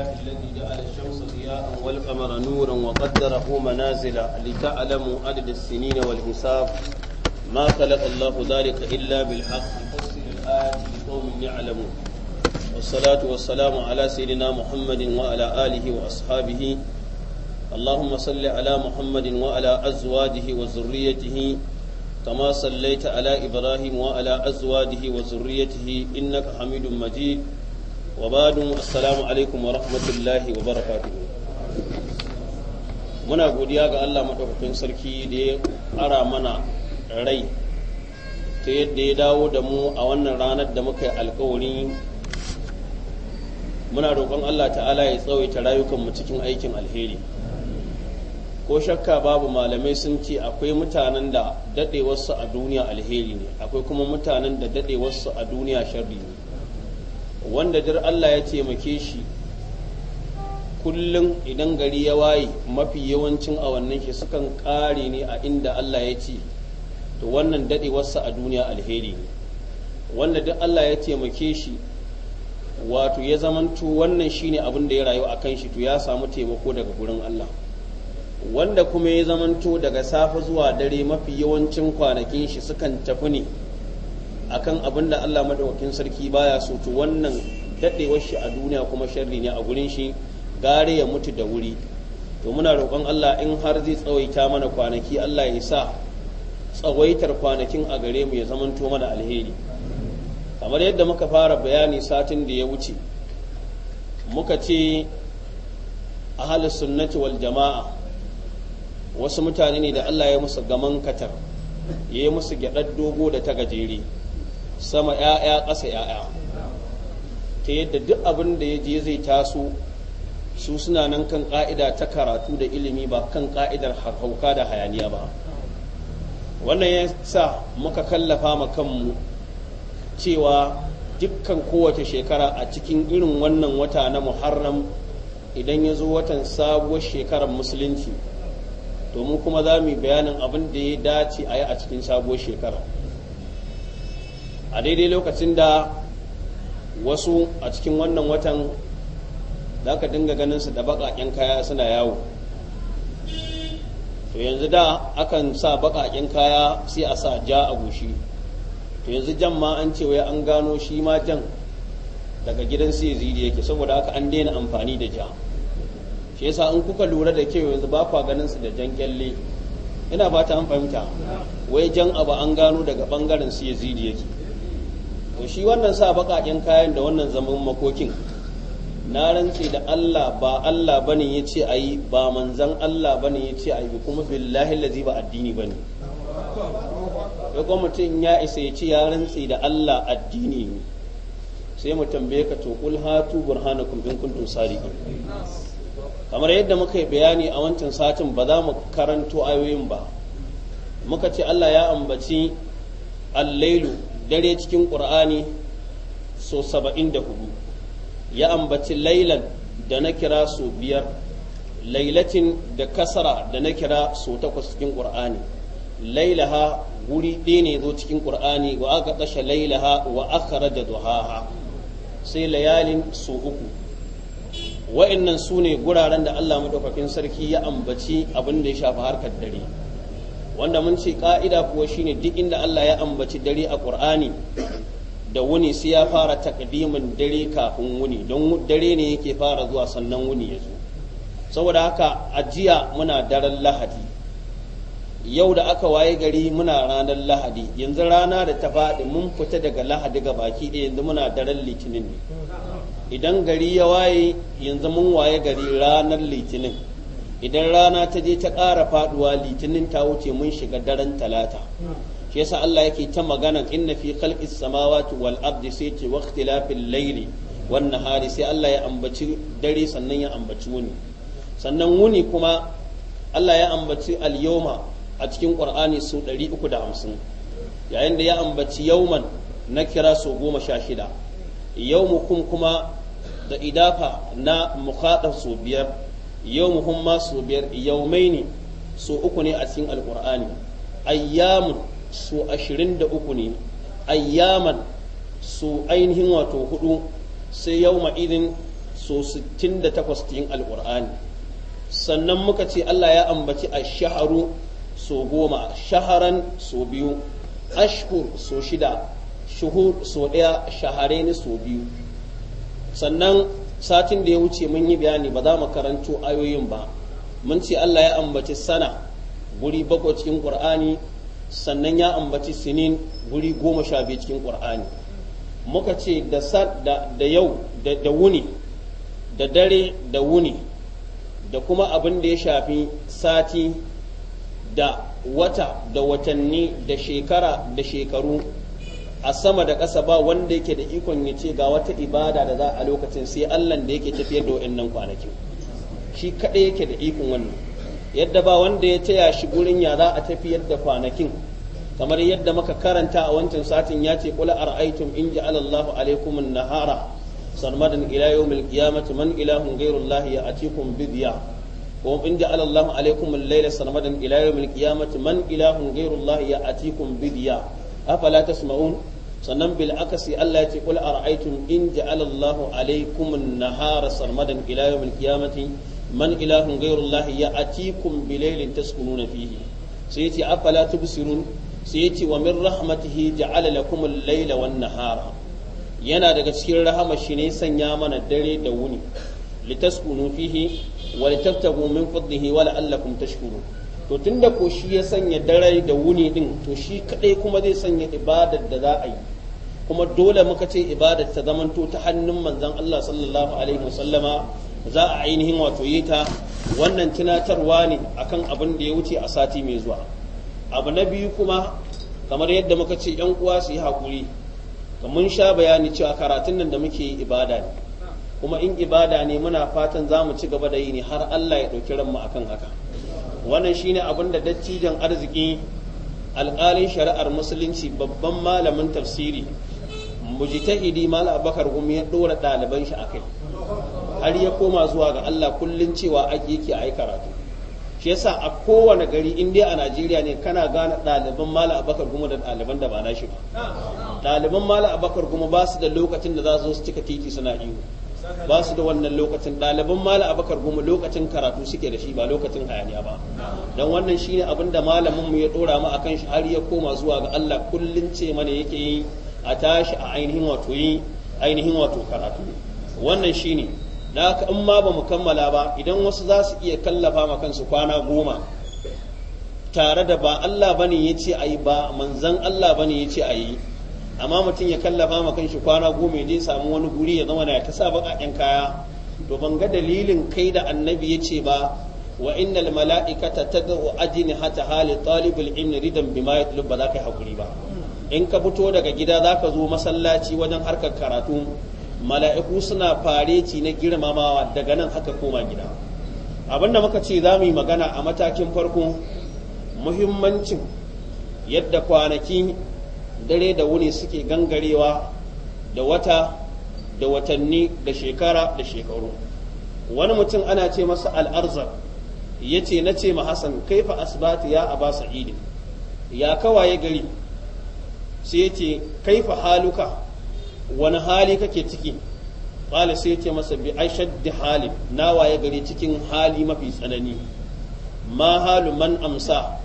لله الذي جعل الشمس ضياء والقمر نورا وقدره منازل لتعلموا عدد السنين والحساب ما خلق الله ذلك إلا بالحق فصل الآيات لقوم يعلمون والصلاة والسلام على سيدنا محمد وعلى آله وأصحابه اللهم صل على محمد وعلى أزواجه وذريته كما صليت على إبراهيم وعلى أزواجه وذريته إنك حميد مجيد wa badu assalamu alaikum wa rahmatullahi wa barakatuhu muna godiya ga Allah madaukakin sarki da ya ƙara mana rai ta yadda ya dawo da mu a wannan ranar da muka yi alkawari muna roƙon Allah ta'ala ya tsawaita rayukanmu cikin aikin alheri ko shakka babu malamai sun ce akwai mutanen da daɗewarsu a duniya alheri ne akwai kuma mutanen da daɗewarsu a duniya sharri ne wanda jar Allah ya taimake shi kullum idan gari ya waye mafi yawancin awannin shi sukan kare ne a inda Allah ya ce to wannan wasu a duniya alheri ne wanda duk Allah ya taimake shi wato ya zamanto wannan shine abin da ya rayu a kan shi to ya samu taimako daga gurin Allah wanda kuma ya zamanto daga safe zuwa dare mafi yawancin kwanakin shi sukan tafi ne akan abin da Allah madawakin sarki baya so to wannan dadewar shi a duniya kuma sharri ne a gurin shi gare ya mutu da wuri to muna roƙon Allah in har zai tsawaita mana kwanaki Allah ya sa tsawaitar kwanakin a gare mu ya zamanto mana alheri kamar yadda muka fara bayani satin da ya wuce muka ce ahal sunnati wal jama'a wasu mutane ne da Allah ya musu gaman katar ya yi musu gyaɗar dogo da ta gajere sama ‘ya'ya ƙasa ‘ya'ya ta yadda duk abin da ya je zai taso su suna nan kan ƙa'ida ta karatu da ilimi ba kan ƙa'idar hauka da hayaniya ba wannan ya sa muka kallafa ma kanmu cewa dukkan kowace shekara a cikin irin wannan wata na muharram idan ya zo watan sabuwar shekarar musulunci domin kuma za mu yi bayanin abin da ya dace a yi a cikin sabuwar shekarar. a daidai lokacin da wasu a cikin wannan watan za ka dinga ganin su da baƙaƙen kaya suna yawo to yanzu da akan sa baƙaƙen kaya sai a sa ja a gushi to yanzu jan ma an ce wai an gano shi ma jan daga gidan sai zidi yake saboda haka an daina amfani da ja shi yasa in kuka lura da kyau yanzu ba kwa ganin su da jan kyalle ina ba ta an fahimta wai jan abu an gano daga bangaren su yake to shi wannan sa baƙaƙen kayan da wannan zaman makokin na rantse da Allah ba Allah bane ya ce a yi ba manzan Allah bane ya ce a yi kuma billahi lazi ba addini bane ya kuma mutum ya isa ya ce ya rantse da Allah addini ne sai mu tambaye ka to kul hatu burhanakum in kuntum sadiqin kamar yadda muka yi bayani a wancan satin ba za mu karanto ayoyin ba muka ce Allah ya ambaci al-lailu dare cikin ƙur'ani so saba'in da hudu ya ambaci lailan da na kira so biyar lailatin da kasara da na kira so takwas cikin ƙur'ani lailaha guri ɗaya ne zo cikin ƙur'ani wa aka kashe lailaha wa aka da duhaha sai layalin so uku wa'annan su ne guraren da allah maɗaukakin sarki ya ambaci abin da ya shafi harkar dare wanda mun ce ka'ida kuwa shine duk inda Allah ya ambaci dare a Qur'ani da wuni sai ya fara takdimin dare kafin wuni don dare ne yake fara zuwa sannan wuni ya zo saboda haka ajiya muna daren lahadi yau da aka waye gari muna ranar lahadi yanzu rana da ta faɗi mun fita daga lahadi ga baki ɗaya yanzu muna daren litinin ne idan gari ya waye yanzu mun waye gari ranar litinin idan rana ta je ta ƙara faduwa litinin ta wuce mun shiga daren talata shi yasa Allah yake ta magana inna fi khalqis samawati wal ardi sai waqtilafil layli wan nahari sai Allah ya ambaci dare sannan ya ambaci wuni sannan wuni kuma Allah ya ambaci al yawma a cikin Qur'ani su 350 yayin da ya ambaci yawman na kira su 16 yawmukum kuma da idafa na mukhadar su biyar Yau muhimma su biyar ne su uku ne a cikin alkur'ani ayyamun su ashirin da uku ne ayyaman su ainihin wato hudu sai yau ma'idin su sittin da takwas cikin alkur'ani sannan muka ce Allah ya ambaci a shaharu su goma shaharan su biyu ashhur su shida shuhur so ɗaya ne su biyu sannan satin da ya wuce mun yi bayani ba za mu karanto ayoyin ba mun ce Allah ya ambaci sana guri bakwai cikin Qur'ani sannan ya ambaci sinin guri goma sha biyu cikin Qur'ani muka ce da da yau da wuni da dare da wuni da kuma abin da ya shafi sati da wata da watanni da shekara da shekaru a sama da ƙasa ba wanda yake da ikon ya ce ga wata ibada da za a lokacin sai Allah da yake tafiyar da wa'annan kwanakin shi kaɗai yake da ikon wannan yadda ba wanda ya taya shi gurin ya za a tafiyar da kwanakin kamar yadda muka karanta a wancan satin ya ce kula ara'aytum in ja'ala Allahu alaykum an-nahara sarmadan ila yawmil qiyamati man ilahun ghayru Allah ya'tikum bidiya وإن جعل الله عليكم الليل سرمدا إلى يوم القيامة من إله غير الله يأتيكم بديا afala tasma'un sannan bil akasi Allah ya ce qul ara'aytum in ja'ala Allahu alaykum an-nahara sarmadan ila yawmil qiyamati man ilahun ghayru Allah ya'atikum bilaylin taskununa fihi sai yace afala tubsirun sai yace wa min rahmatihi ja'ala lakum al-layla wan-nahara yana daga cikin rahama shine sanya mana dare da wuni litaskunu fihi wa litabtagu min fadlihi wa la'allakum tashkurun to tunda ko shi ya sanya dare da wuni din to shi kadai kuma zai sanya ibadar da za a yi kuma dole muka ce ibadar ta zamanto ta hannun manzon Allah sallallahu alaihi wasallama za a ainihin wato yi ta wannan tunatarwa ne akan abin da ya wuce a sati mai zuwa abu na biyu kuma kamar yadda muka ce yan uwa su yi hakuri mun sha bayani cewa karatun nan da muke yi ibada ne kuma in ibada ne muna fatan za mu ci gaba da yi ne har Allah ya ɗauki ranmu akan haka wannan shine abin da dattijan arziki alƙalin shari'ar musulunci babban malamin tafsiri mujtahidi malam abakar gumi ya dora ɗaliban shi akai har ya koma zuwa ga Allah kullun cewa ake yake ayi karatu shi yasa a kowane gari indiya a Najeriya ne kana gane ɗaliban malam abakar gumi da ɗaliban da ba na shi ba ɗaliban malam abakar gumi ba su da lokacin da za su zo su cika titi suna iyo ba su da wannan lokacin ɗaliban mala abakar goma lokacin karatu suke da shi ba lokacin hayaniya ba don wannan shi ne abin da malamin mu ya ɗora mu akan shi har ya koma zuwa ga Allah kullum ce mana yake yi a tashi a ainihin wato yi ainihin wato karatu wannan shi ne na ka in ma ba mu kammala ba idan wasu za su iya kallafa ma kansu kwana goma tare da ba Allah bane ya ce a yi ba manzan Allah bane ya ce a yi amma mutum ya kallafa ma shi kwana goma ya je samu wani guri ya zama na ta sa baƙaƙen kaya to ban ga dalilin kai da annabi ya ce ba wa innal mala'ikata tad'u ajni hata hali talibul ilmi ridan bima yatlub ba za ka yi hakuri ba in ka fito daga gida za ka zo masallaci wajen harkar karatu mala'iku suna fareci na girmamawa daga nan haka koma gida abinda muka ce za mu yi magana a matakin farko muhimmancin yadda kwanaki. dare da wuni suke gangarewa da wata da watanni da shekara da shekaru wani mutum ana ce masa al'arzar ya ce na ce ma hassan kaifa asibati ya a basu idin ya kawaye gari sai ya ce kaifa haluka wani hali kake ciki ƙwale sai ya ce masa bi da halin na waye gari cikin hali mafi tsanani ma halu man amsa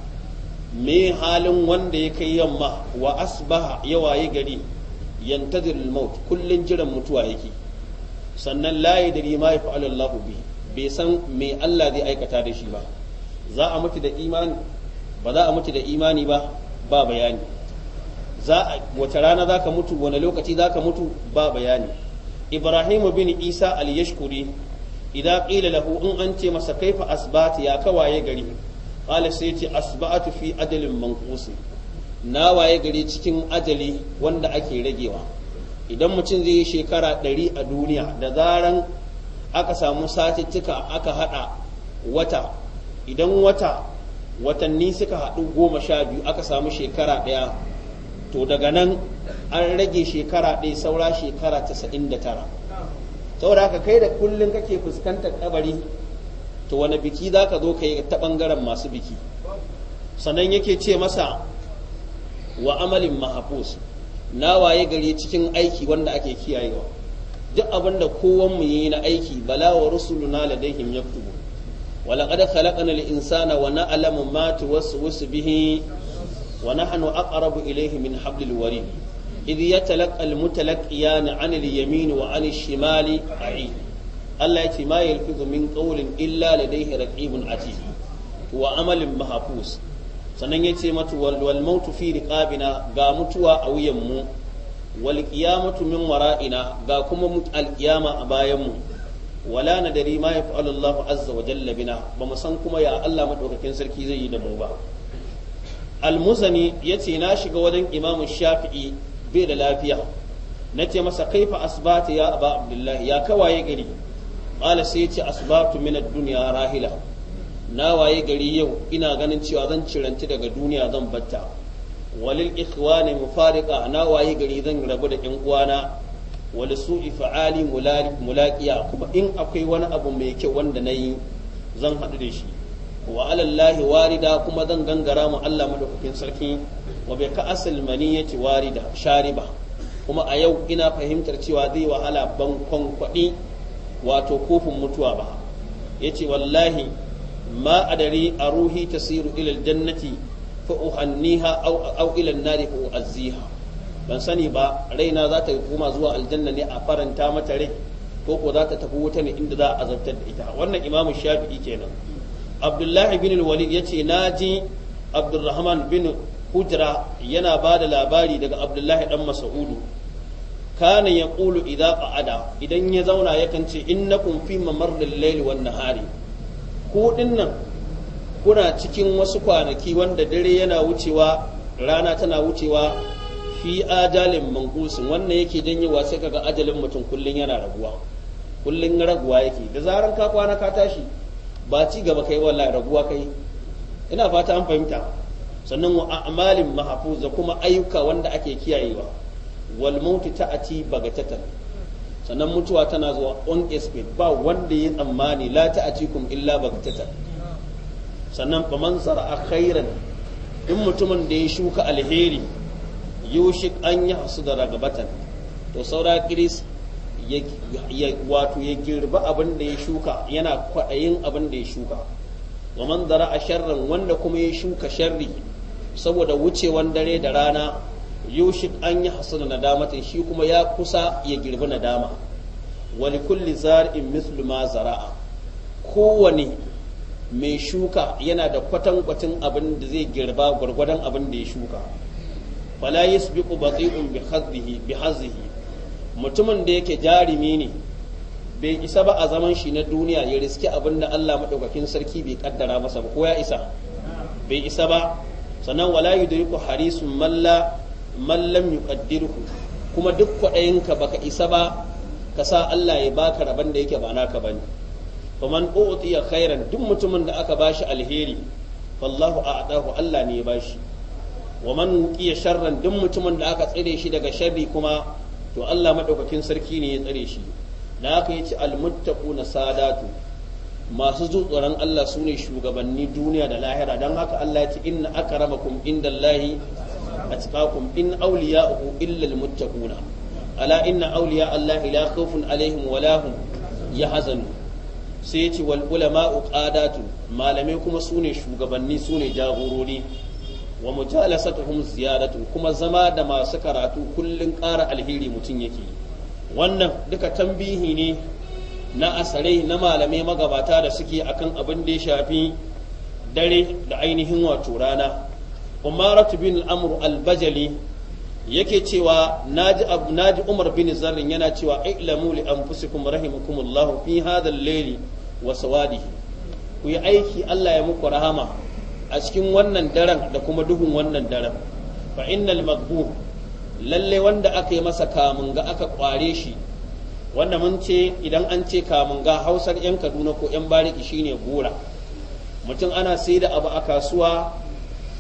me halin wanda ya kai yamma wa asbaha ya waye gari yantadir maut kullun jiran mutuwa yake sannan la yadri ma yaf'alu Allah bi bai san me Allah zai aikata da shi ba za a mutu da imani ba za a mutu da imani ba ba bayani za wace rana ka mutu wani lokaci za ka mutu ba bayani Ibrahim bin Isa al-Yashkuri idan qila lahu in an ce masa kaifa asbata ya kawaye gari qala sai ce asba'atu fi adalin manqusi na waye gari cikin ajali wanda ake ragewa idan mutum zai yi shekara ɗari a duniya da zaran aka samu satittika aka hada wata idan wata watanni suka haɗu goma sha biyu aka samu shekara ɗaya to daga nan an rage shekara ɗaya saura shekara tasa'in da tara saboda kai da kullum kake fuskantar kabari to wani biki za ka zo ka yi ta ɓangaren masu biki sannan yake ce masa wa amalin mahafus na waye gari cikin aiki wanda ake kiyayewa duk abin da kowan mu yi na aiki bala wa na ladaihim yaktubu wa laqad khalaqna al-insana wa na'lamu ma tuwaswisu bihi wa nahnu aqrabu ilayhi min hablil warid idh yatalaqqa al-mutalaqqiyan 'an al-yamin wa 'an ash-shimali qa'id Allah ya ce ma yalfizu min qawlin illa dai raqibun atid wa amalin mahafus. sannan ya ce mata wal mautu fi riqabina ga mutuwa a wuyan mu wal qiyamatu min wara'ina ga kuma al qiyama a bayan mu wala nadari ma yaf'alu Allahu azza wa jalla bina ba mu san kuma ya Allah madaukakin sarki zai yi da mu ba al-muzani yace na shiga wajen imamu shafi'i bai da lafiya nace masa kaifa asbata ya aba abdullahi ya kawaye gari qala sai yace asbatu min ad-dunya rahila na waye gari yau ina ganin cewa zan ciranci daga duniya zan batta walil ikhwani mufariqa na waye gari zan rabu da yan uwana wal su'i fa'ali mulaqiya kuma in akwai wani abu mai kyau wanda nayi zan haɗu da shi wa alallahi warida kuma zan gangara mu Allah madaukakin sarki wa bai ka asal maniyati warida shariba kuma a yau ina fahimtar cewa zai wahala ban kwankwaɗi wato kofin mutuwa ba yace wallahi ma dari a ruhi tasiru ila jannati fa uhanniha aw ila nari fa ban sani ba raina za ta koma zuwa aljanna ne a faranta mata rai ko ko za ta tafi wuta ne inda za a azabtar da ita wannan imamu shafi'i kenan abdullahi bin walid yace ji abdulrahman bin hujra yana ba da labari daga abdullahi dan mas'udu kana ya ƙulu idan ƙa'ada idan ya zauna yakan ce kun fi mamarril layli hari nahari ku nan kuna cikin wasu kwanaki wanda dare yana wucewa rana tana wucewa fi ajalin mangusin wannan yake janyewa sai kaga ajalin mutum kullum yana raguwa kullum raguwa yake da zarar ka kwana ka tashi ba ci gaba kai wallahi raguwa kai ina fata an fahimta sannan wa a'malin mahfuz kuma ayyuka wanda ake kiyayewa wal mautu ta'ati bagatatan sannan mutuwa tana zuwa on expect ba wanda ya tsammani la ci kuma illa bagatatan sannan ba man zara a khairan in mutumin da ya shuka alheri yushik an yi hasu da ragabatan to saura kiris wato ya girba abin da ya shuka yana kwaɗayin abin da ya shuka wa man zara a sharrin wanda kuma ya shuka sharri saboda wucewan dare da rana yushik an yi na ta shi kuma ya kusa ya girbi na dama wani kulli zari'in mislu ma zara'a kowane mai shuka yana da kwatin abin da zai girba gwargwadon abin da ya shuka fala yasbiqu bati'un bi hazzihi bi hazzihi mutumin da yake jarumi ne bai isa ba a zaman shi na duniya ya riski abin da Allah madaukakin sarki bai kaddara masa ba ko ya isa bai isa ba sannan wala yudriku harisun malla mallam yuqaddirhu kuma duk kwaɗayinka baka isa ba ka sa Allah ya baka rabon da yake ba naka bane faman utiya khairan duk mutumin da aka bashi alheri fallahu a'tahu Allah ne ya bashi wa man uqiya sharran duk mutumin da aka tsare shi daga sharri kuma to Allah madaukakin sarki ne ya tsare shi da aka yace almuttaquna sadatu masu tsoron Allah sune shugabanni duniya da lahira dan haka Allah ya ce inna akramakum indallahi atqakum in awliya'uhu illa almuttaquna ala inna awliya Allah ila khawfun alaihim wa la hum sai yace wal ulama'u qadatu malamai kuma sune shugabanni sune jagorori wa mujalasatuhum ziyaratu kuma zama da masu karatu kullun ƙara alheri mutum yake wannan duka tambihi ne na asarai na malamai magabata da suke akan abin da ya shafi dare da ainihin wato rana umaratu bin al-amr al-bajali yake cewa naji naji umar bin zarrin yana cewa ilamu li anfusikum rahimakumullahu fi hadha al-layli wa sawadihi ku yi aiki Allah ya muku rahama a cikin wannan daren da kuma duhun wannan daren fa innal maghbur lalle wanda aka yi masa kamun ga aka kware shi wanda mun ce idan an ce kamun ga Hausar yan Kaduna ko yan Bariki shine gora mutum ana sai da abu a kasuwa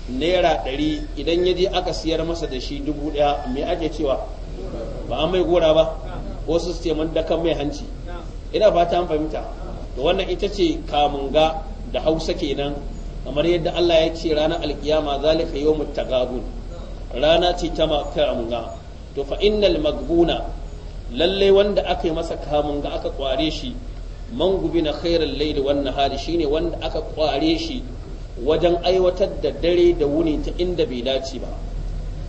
naira ɗari idan ya je aka siyar masa da shi dubu ɗaya me ake cewa ba an mai gora ba ko su ce man dakan mai hanci ina fata an fahimta to wannan ita ce ga da hausa kenan kamar yadda Allah ya ce ranar alkiyama zalika yawmut tagabun rana ce ta ga to fa innal magbuna lallai wanda aka yi masa ga aka kware shi man gubina khairal laili wan nahari shine wanda aka kware shi wajen aiwatar da dare da wuni ta inda bai dace ba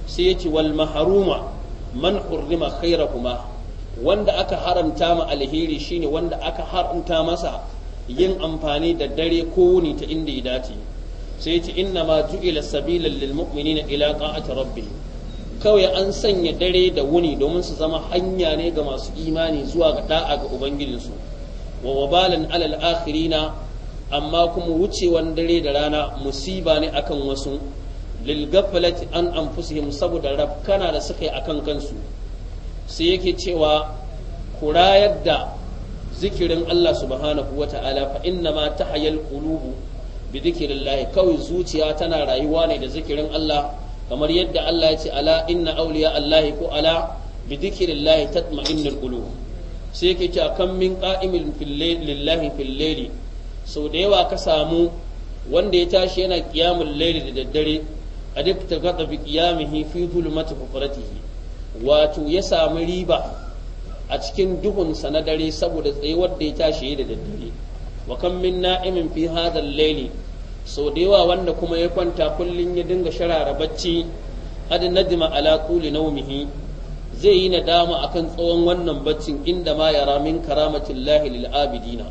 sai ya ce wal maharuma man hurrima khairahuma wanda aka haramta ma alheri shine wanda aka haramta masa yin amfani da dare ko wuni ta inda ya dace sai ya ce inna ma ju'ila sabilan lil mu'minina ila qa'ati rabbih kawai an sanya dare da wuni domin su zama hanya ne ga masu imani zuwa ga da'a ga ubangijinsu wa wabalan alal akhirina amma kuma wucewan dare da rana musiba ne akan wasu lil an anfusihim saboda rafkana da suka yi akan kansu sai yake cewa kurayar da zikirin Allah subhanahu ta'ala fa inna ma tahyal qulubu bi dhikrillah kawai zuciya tana rayuwa ne da zikirin Allah kamar yadda Allah ya ce ala inna awliya Allah ko ala bi dhikrillah tatma'innul qulub sai yake cewa kam min qa'imin lillahi fil sau da yawa ka samu wanda ya tashi yana kiyamun laili da daddare a duk ta gaɗa bi kiyamihi fi zulmati fufuratihi wato ya sami riba a cikin duhunsa na dare saboda tsayuwar da ya tashi da daddare wa kan min na'imin fi hadal laili sau da yawa wanda kuma ya kwanta kullum ya dinga sharara bacci hadin nadima ala quli nawmihi zai yi nadama kan tsawon wannan baccin inda ma yara min karamatin lahi lil abidina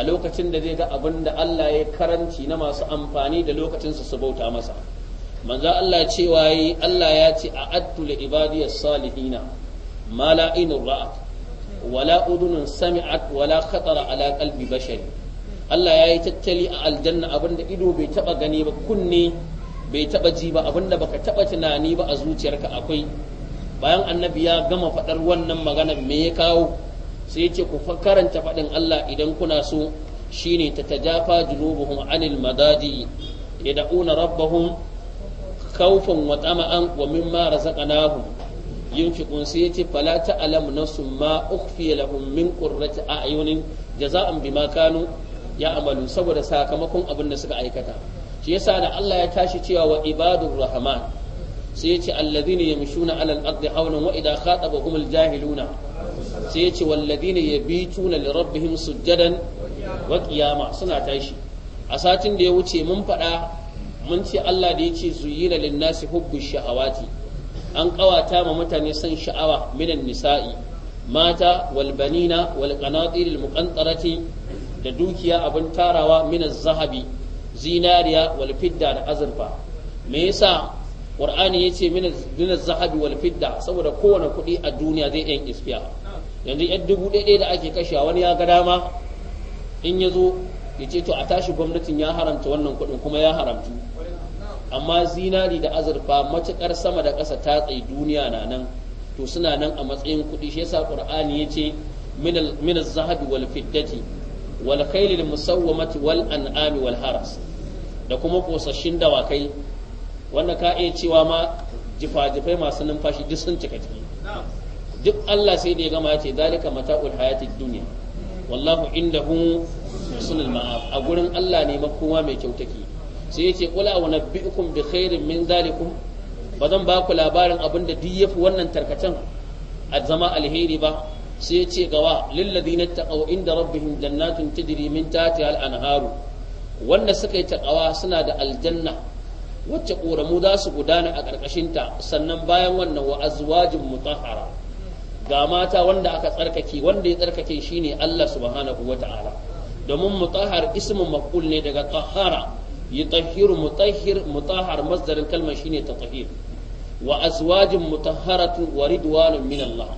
a lokacin da zai ga abin da Allah ya karanci na masu amfani da lokacinsu su bauta masa manzo Allah cewa yi Allah ya ce a addu li ibadiyas salihina ma la ainur ra'at wala udunun sami'at wala khatara ala qalbi bashari Allah ya yi tattali a aljanna abinda ido bai taba gani ba kunne bai taba ji ba abinda baka taba tunani ba a zuciyarka akwai bayan annabi ya gama faɗar wannan magana me ya kawo sai yace ku karanta faɗin Allah idan kuna so shine tatajafa junubuhum anil madadi dauna rabbahum kaufin wa tama'an wa mimma razaqnahum yunfiqun sai yace fala ta'lamu nafsun ma ukhfiya lahum min qurrati a'yunin jaza'an bima kanu amalu saboda sakamakon abin da suka aikata shi yasa da Allah ya tashi cewa wa ibadur rahman sai yace alladhina yamshuna alal ardi hawlan wa idha khatabahum al jahiluna sai yace walladina yabituna li rabbihim sujjadan wa qiyama suna tashi a satin da ya wuce mun faɗa mun ce Allah da yace zuyina lin nasi hubbu shahawati an kawata ma mutane son sha'awa minan nisa'i mata wal banina wal qanatir al muqantarati da dukiya abin tarawa minan zahabi zinariya wal fidda da azurfa me yasa qur'ani yace minan zahabi wal fidda saboda kowane kuɗi a duniya zai yan ispiya yanzu yan dubu ɗaya da ake kashe kashewa wani ya ga dama in ya zo ya ce to a tashi gwamnatin ya haramta wannan kuɗin kuma ya haramtu amma zinari da azurfa matuƙar sama da ƙasa ta tsaye duniya na nan to suna nan a matsayin kuɗi shi yasa qur'ani ya ce min az-zahabi wal fiddati wal khayl al musawwamati wal an'ami wal haras da kuma kosashin dawakai wanda ka iya cewa ma jifa-jifai masu numfashi duk sun cika ciki duk Allah sai da ya gama ce zalika mata'ul hayatid dunya wallahu indahu husnul ma'af a gurin Allah ne makowa mai kyau take sai yace qul a nabbi'ukum bi khairin min zalikum ba zan ba ku labarin abin da duk yafi wannan tarkacen a zama alheri ba sai yace gawa na taqaw inda rabbihim jannatun tajri min tahtiha al-anharu wanda suka yi taqawa suna da aljanna wacce ƙoramu za su gudana a ƙarƙashinta sannan bayan wannan wa azwajin mutahara ga mata wanda aka tsarkake wanda ya tsarkake shine Allah subhanahu wata'ala domin mutahhar ismu maqul ne daga tahara yutahhiru mutahhir mutahhar masdarin kalmar shine tahir wa azwajin mutahharatu wa ridwanun min Allah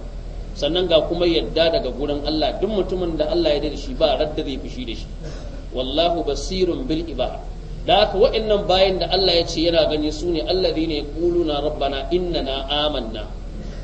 sannan ga kuma yadda daga gurin Allah duk mutumin da Allah ya da shi ba radda zai fushi da shi wallahu basirun bil ibad da haka wa'annan bayan da Allah ya ce yana gani su ne na rabana rabbana innana amanna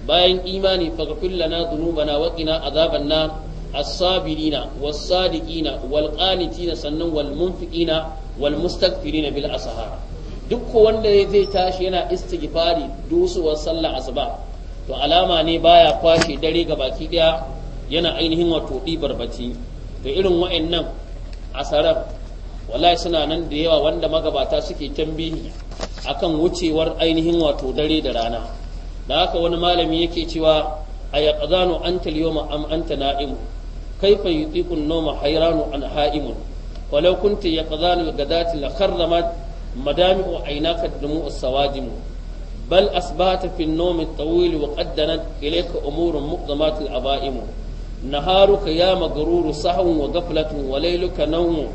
bayan imani faghfir lana dhunubana wa qina azaban nar as-sabirina was-sadiqina wal-qanitina sannan wal-munfiqina wal-mustaghfirina bil asahar duk wanda zai tashi yana istighfari dusuwar sallar asuba to alama ne baya kwashe dare ga baki daya yana ainihin wato ɗibar bacci to irin wa'annan asarar wallahi suna nan da yawa wanda magabata suke tambihi akan wucewar ainihin wato dare da rana da haka wani malami yake cewa a ya ƙazano an taliyoma am an ta na'imu kai fa yi tsikun noma hairanu an ha'imun walau ya ƙazano ga dati na karrama madami wa aina ka da mu sawajimu bal asbata fi nomi tawil wa qaddana ilayka umurun muqdamatu abaimu naharuka ya magruru sahwun wa ghaflatun wa layluka nawmu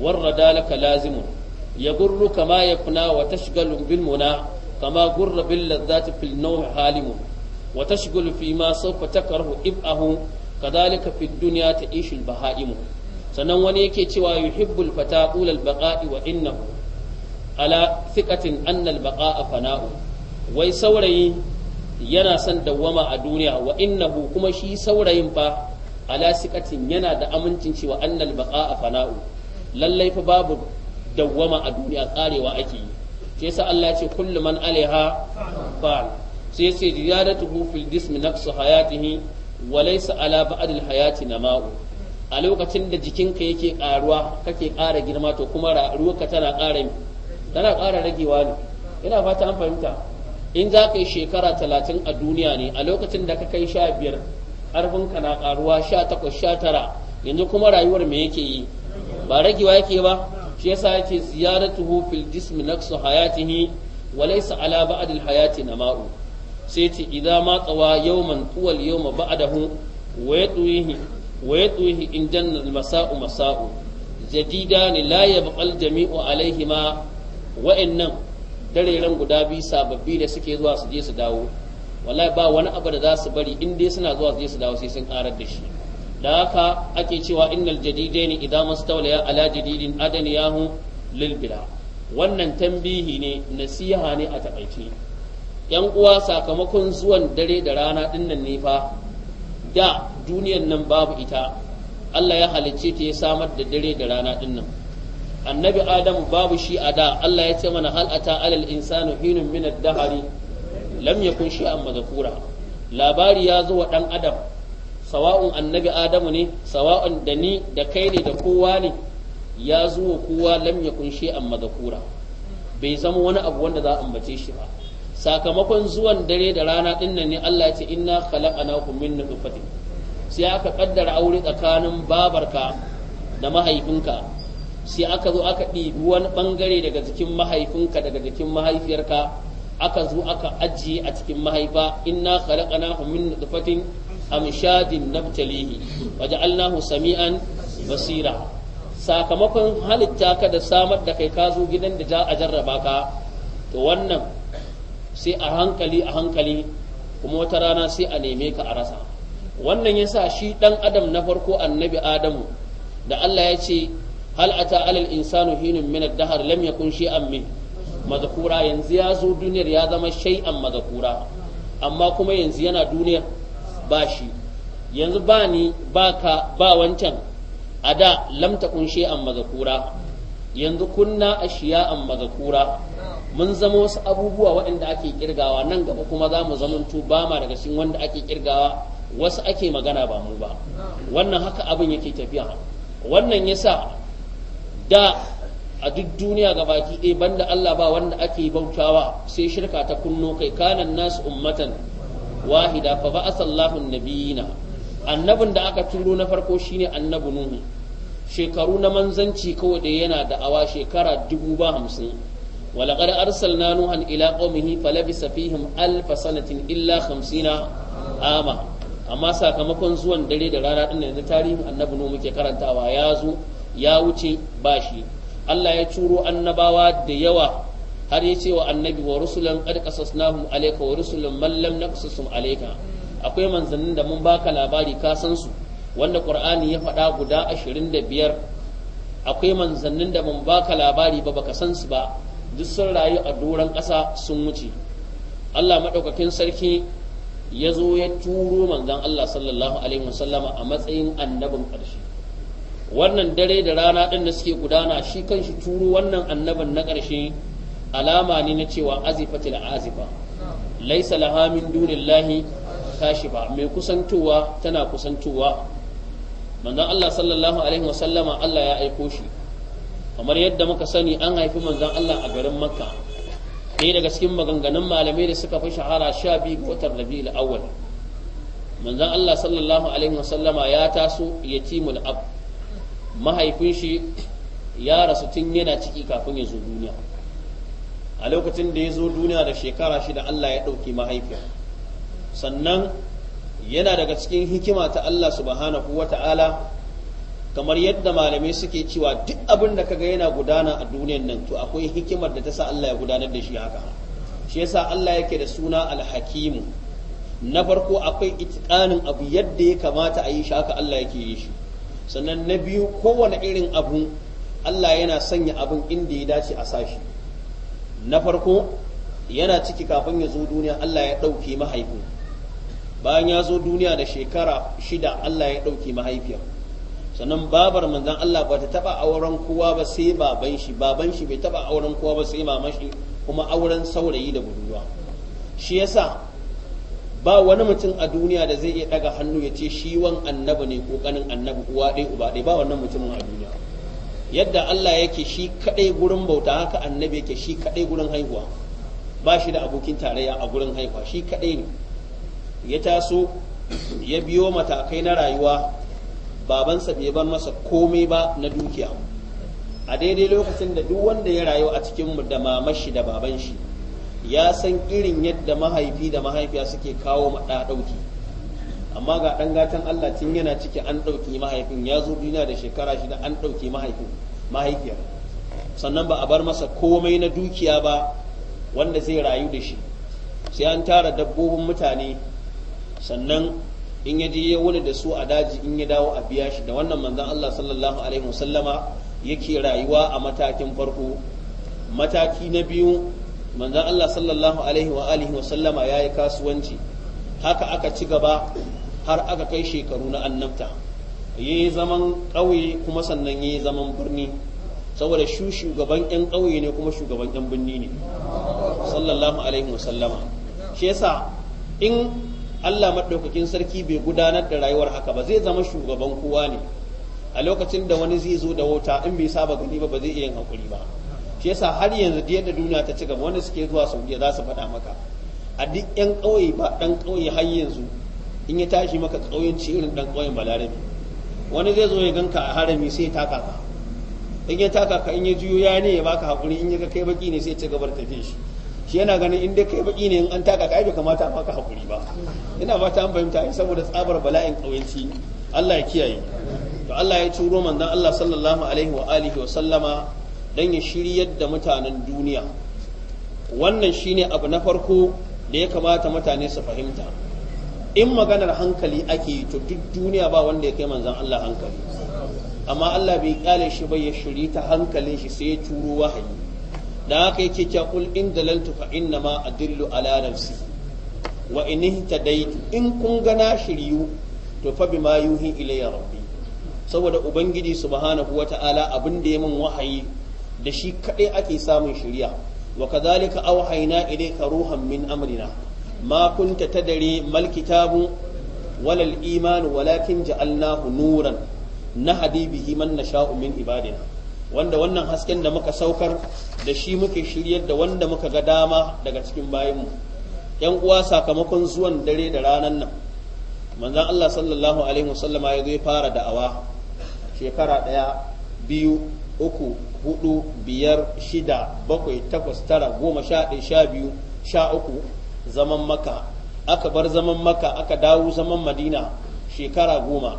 warra dalaka lazimun yagurruka ma yafna wa tashgalu bil munaa kama gurra bil ladzati fil naw halimu wa tashghul fi ma sawfa takrahu ibahu kadhalika fid dunya ta'ishu al bahaimu sannan wani yake cewa yuhibbul fata qul al wa innahu ala thiqatin annal baqa'a fana'u wai saurayi yana son dawwama a duniya wa innahu kuma shi saurayin fa ala siqatin yana da amincin cewa annal baqa'a fana'u lallai fa babu dawwama a duniya karewa ake yi shi yasa Allah ya ce kullu man alaiha fa'al sai ya ce ziyadatuhu fil jism naqsu hayatihi wa laysa ala ba'd al hayati nama'u a lokacin da jikinka yake karuwa kake ƙara girma to kuma ruwanka tana ƙara tana ƙara ragewa ne ina fata an fahimta in za ka yi shekara talatin a duniya ne a lokacin da ka kai sha biyar ƙarfinka na ƙaruwa sha takwas sha tara yanzu kuma rayuwar me yake yi ba ragewa yake ba shi yasa yace ziyaratuhu fil jismi naqsu hayatihi wa laysa ala ba'd al hayati nama'u sai yace idza ma tsawa yawman tuwal yawma ba'dahu wa yatuhi wa yatuhi in janna al masa'u masa'u jadidan la yabqa al jami'u alaihima wa dare dareren guda biyu sababbi da suke zuwa su je su dawo wallahi ba wani abu da za su bari in dai suna zuwa su je su dawo sai sun karar da shi da haka ake cewa innal ne idan mastawliya ala jadidin adaniyahu lil bila wannan tambihi ne nasiha ne a takaice yan uwa sakamakon zuwan dare da rana dinnan ne fa da duniyar nan babu ita Allah ya halicce ta ya samar da dare da rana dinnan annabi adamu babu shi a da Allah ya ce mana hal ata alal insanu hinun min ad-dahri lam yakun shay'an madhkura labari ya zo wa dan adam sawa'un annabi adamu ne sawa'un da ni da kai ne da kowa ne ya zuwa kowa lam ya kunshe amma da kura bai zama wani abu wanda za a ambace shi ba sakamakon zuwan dare da rana din ne Allah ya ce inna khalaqnakum min nutfatin sai aka kaddara aure tsakanin babarka da mahaifinka sai aka zo aka ɗibi wani bangare daga jikin mahaifinka daga jikin mahaifiyarka aka zo aka ajiye a cikin mahaifa inna khalaqnakum min nutfatin amshadin nabtalihi waja'alnahu sami'an basira sakamakon halitta ka da samar da kai ka zo gidan da za a jarraba ka to wannan sai a hankali a hankali kuma wata rana sai a neme ka a rasa wannan yasa shi dan adam na farko annabi adamu da Allah ya ce hal ata alal insanu hinun min ad-dahr lam yakun shay'an min mazkura yanzu ya zo duniyar ya zama shay'an mazkura amma kuma yanzu yana duniyar ba shi yanzu ba ni ba ka ba wancan a da lamta kunshe an mazakura yanzu kunna a ashiya an mazakura mun zama wasu abubuwa waɗanda ake kirgawa nan gaba kuma za mu zamantu ba ma daga cikin wanda ake kirgawa wasu ake magana ba mu ba wannan haka abin yake tafiya wannan yasa da a duk duniya ga baki ɗaya banda Allah ba wanda ake bautawa sai shirka ta kunno kai kanan nasu ummatan wahida fa ba'asa Allahu nabiyina annabin da aka turo na farko shine annabi nuhu shekaru na manzanci kawai da yana da awa shekara dubu ba hamsin ولقد أرسلنا نوحا إلى قومه فلبث فيهم ألف سنة إلا خمسين عاما amma sakamakon zuwan dare da rana din da tarihin annabi nuhu muke karantawa ya zo ya wuce ba shi Allah ya turo annabawa da yawa har ya ce wa annabi wa rusulan qad qasasnahum alaika wa rusulan mallam na naqsusum alaika akwai manzannin da mun baka labari ka wanda qur'ani ya faɗa guda ashirin da biyar akwai manzannin da mun baka labari ba baka san su ba duk sun rayu a doron ƙasa sun wuce Allah maɗaukakin sarki ya zo ya turo manzan Allah sallallahu alaihi wasallama a matsayin annabin ƙarshe wannan dare da rana ɗin da suke gudana shi kanshi turo wannan annabin na ƙarshe alama ne na cewa azifatil azifa laisa laha min dunillahi kashifa mai kusantowa tana kusantowa manzon Allah sallallahu alaihi wa sallama Allah ya aiko shi kamar yadda muka sani an haifi manzon Allah a garin Makka ɗaya daga cikin maganganun malamai da suka fi shahara sha biyu watan Rabiul Awwal manzon Allah sallallahu alaihi wa sallama ya taso yatimul ab mahaifin shi ya rasu tun yana ciki kafin ya zo duniya a lokacin da ya zo duniya da shekara shida Allah ya ɗauki mahaifiya sannan yana daga cikin hikima ta Allah subhanahu wa ta'ala kamar yadda malamai suke cewa duk abin da kaga yana gudana a duniyan nan to akwai hikimar da ta sa Allah ya gudanar da shi haka shi yasa Allah yake da suna alhakimu na farko akwai itikanin abu yadda ya kamata a yi shi haka Allah yake yi shi sannan na biyu kowane irin abu Allah yana sanya abin inda ya dace a sashi na farko yana ciki kafin ya zo duniya Allah ya ɗauke mahaifi bayan ya zo duniya da shekara shida Allah ya ɗauke mahaifiyar sannan babar manzan Allah ba ta taɓa auren kowa ba sai baban shi baban shi bai taɓa auren kowa ba sai maman shi kuma auren saurayi da budurwa shi yasa ba wani mutum a duniya da zai iya ɗaga hannu ya ce shi wan annabi ne ƙoƙarin annabi uwa ɗaya uba ɗaya ba wannan mutumin a duniya yadda Allah yake shi kadai gurin bauta haka annabi yake shi kadai gurin haihuwa ba shi da abokin tarayya a gurin haihuwa shi kadai ne ya taso ya biyo matakai na rayuwa babansa bai bar masa komai ba na dukiya a daidai lokacin da duk wanda ya rayu a cikin da mamar shi da baban shi ya san irin yadda mahaifi da mahaifiya suke kawo maɗa ɗauki amma ga dan gatan Allah tun yana ciki an ɗauki mahaifin ya zo duniya da shekara shida an ɗauki mahaifin mahaifiyar sannan ba a bar masa komai na dukiya ba wanda zai rayu da shi sai an tara dabbobin mutane sannan in ya je ya wuni da su a daji in ya dawo a biya shi da wannan manzon Allah sallallahu alaihi wasallama yake rayuwa a matakin farko mataki na biyu manzon Allah sallallahu alaihi wa alihi wasallama yayi kasuwanci haka aka ci gaba har aka kai shekaru na annabta yi zaman ƙauye kuma sannan yi zaman birni saboda shu shugaban yan ƙauye ne kuma shugaban yan birni ne sallallahu alaihi wasallama shi yasa in Allah maɗaukakin sarki bai gudanar da rayuwar haka ba zai zama shugaban kowa ne a lokacin da wani zai zo da wuta in bai saba gani ba ba zai iya yin hakuri ba shi yasa har yanzu da yadda duniya ta ci gaba wanda suke zuwa Saudiya za su faɗa maka a duk yan ƙauye ba ɗan ƙauye har yanzu in ya tashi maka ƙauyenci irin dan ƙauyen balarabi wani zai zo ya ganka a harami sai ya taka ka in ya taka ka in ya juyo ya ne ya baka haƙuri in ya ga kai baki ne sai ya ci gabar tafi shi shi yana ganin in dai kai baki ne in an taka ka bai kamata a baka haƙuri ba ina ba ta fahimta ai saboda tsabar bala'in ƙauyenci Allah ya kiyaye to Allah ya turo manzon Allah sallallahu alaihi wa alihi wa sallama dan ya shiryar da mutanen duniya wannan shine abu na farko da ya kamata mutane su fahimta in maganar hankali ake yi to duk duniya ba wanda ya kai manzan Allah hankali amma Allah bai kyale shi bai ya shiri ta hankalin shi sai ya turo wahayi da haka yake cewa kul in dalaltu fa inna ma adillu ala nafsi wa in ihtadaitu in kun gana na shiryu to fa bima yuhi ilayya rabbi saboda ubangiji subhanahu wata'ala abin da ya min wahayi da shi kadai ake samun shiriya wa kadhalika awhayna ilayka ruhan min amrina ma kunta tadri mal kitabu wal iman walakin ja'alnahu nuran nahdi bihi man nasha'u min wanda wannan hasken da muka saukar da shi muke shiryar da wanda muka ga dama daga cikin bayanmu yan uwa sakamakon zuwan dare da ranar nan manzon Allah sallallahu alaihi wasallama ya zo ya fara da'awa shekara daya biyu uku hudu biyar shida bakwai takwas tara goma sha ɗaya sha biyu sha uku zaman maka aka bar zaman maka aka dawo zaman madina shekara goma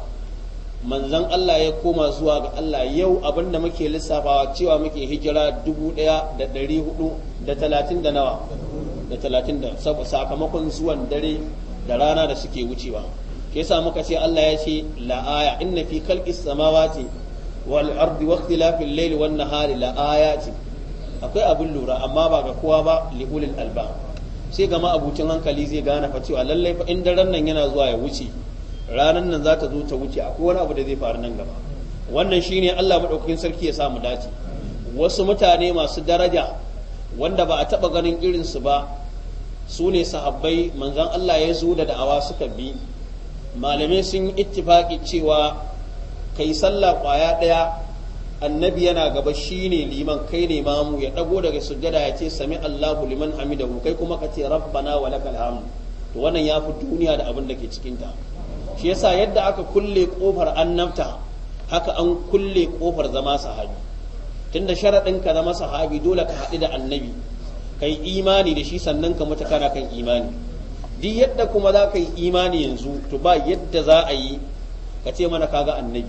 manzan Allah ya koma zuwa ga Allah yau abin da muke lissafawa cewa muke hijira dubu daya da dari hudu da talatin da nawa da talatin da sakamakon zuwan dare da rana da suke wucewa ke sa muka ce Allah ya ce la'aya inna fi kalki samawati wal ardi wa ikhtilafil layli wan nahari la'ayati akwai abin lura amma ba ga kowa ba li ulil albab sai gama abucin hankali zai gane fa cewa lallai fa in daren nan yana zuwa ya wuce ranan nan za ta zo ta wuce akwai wani abu da zai faru nan gaba wannan shine Allah madaukakin sarki ya sa mu dace wasu mutane masu daraja wanda ba a taba ganin irin su ba su ne sahabbai manzon Allah ya zo da da'awa suka bi malamai sun yi ittifaki cewa kai sallah kwaya daya annabi yana gaba shi ne liman kai ne mamu ya dago daga sujjada ya ce sami Allahu liman hamidahu kai kuma ka ce rabbana wa lakal hamd to wannan ya fi duniya da abin da ke cikinta ta shi yasa yadda aka kulle kofar annabta haka an kulle kofar zama sahabi tunda sharadin ka zama sahabi dole ka haɗu da annabi kai imani da shi sannan ka mutu kana kan imani duk yadda kuma za ka yi imani yanzu to ba yadda za a yi ka ce mana kaga annabi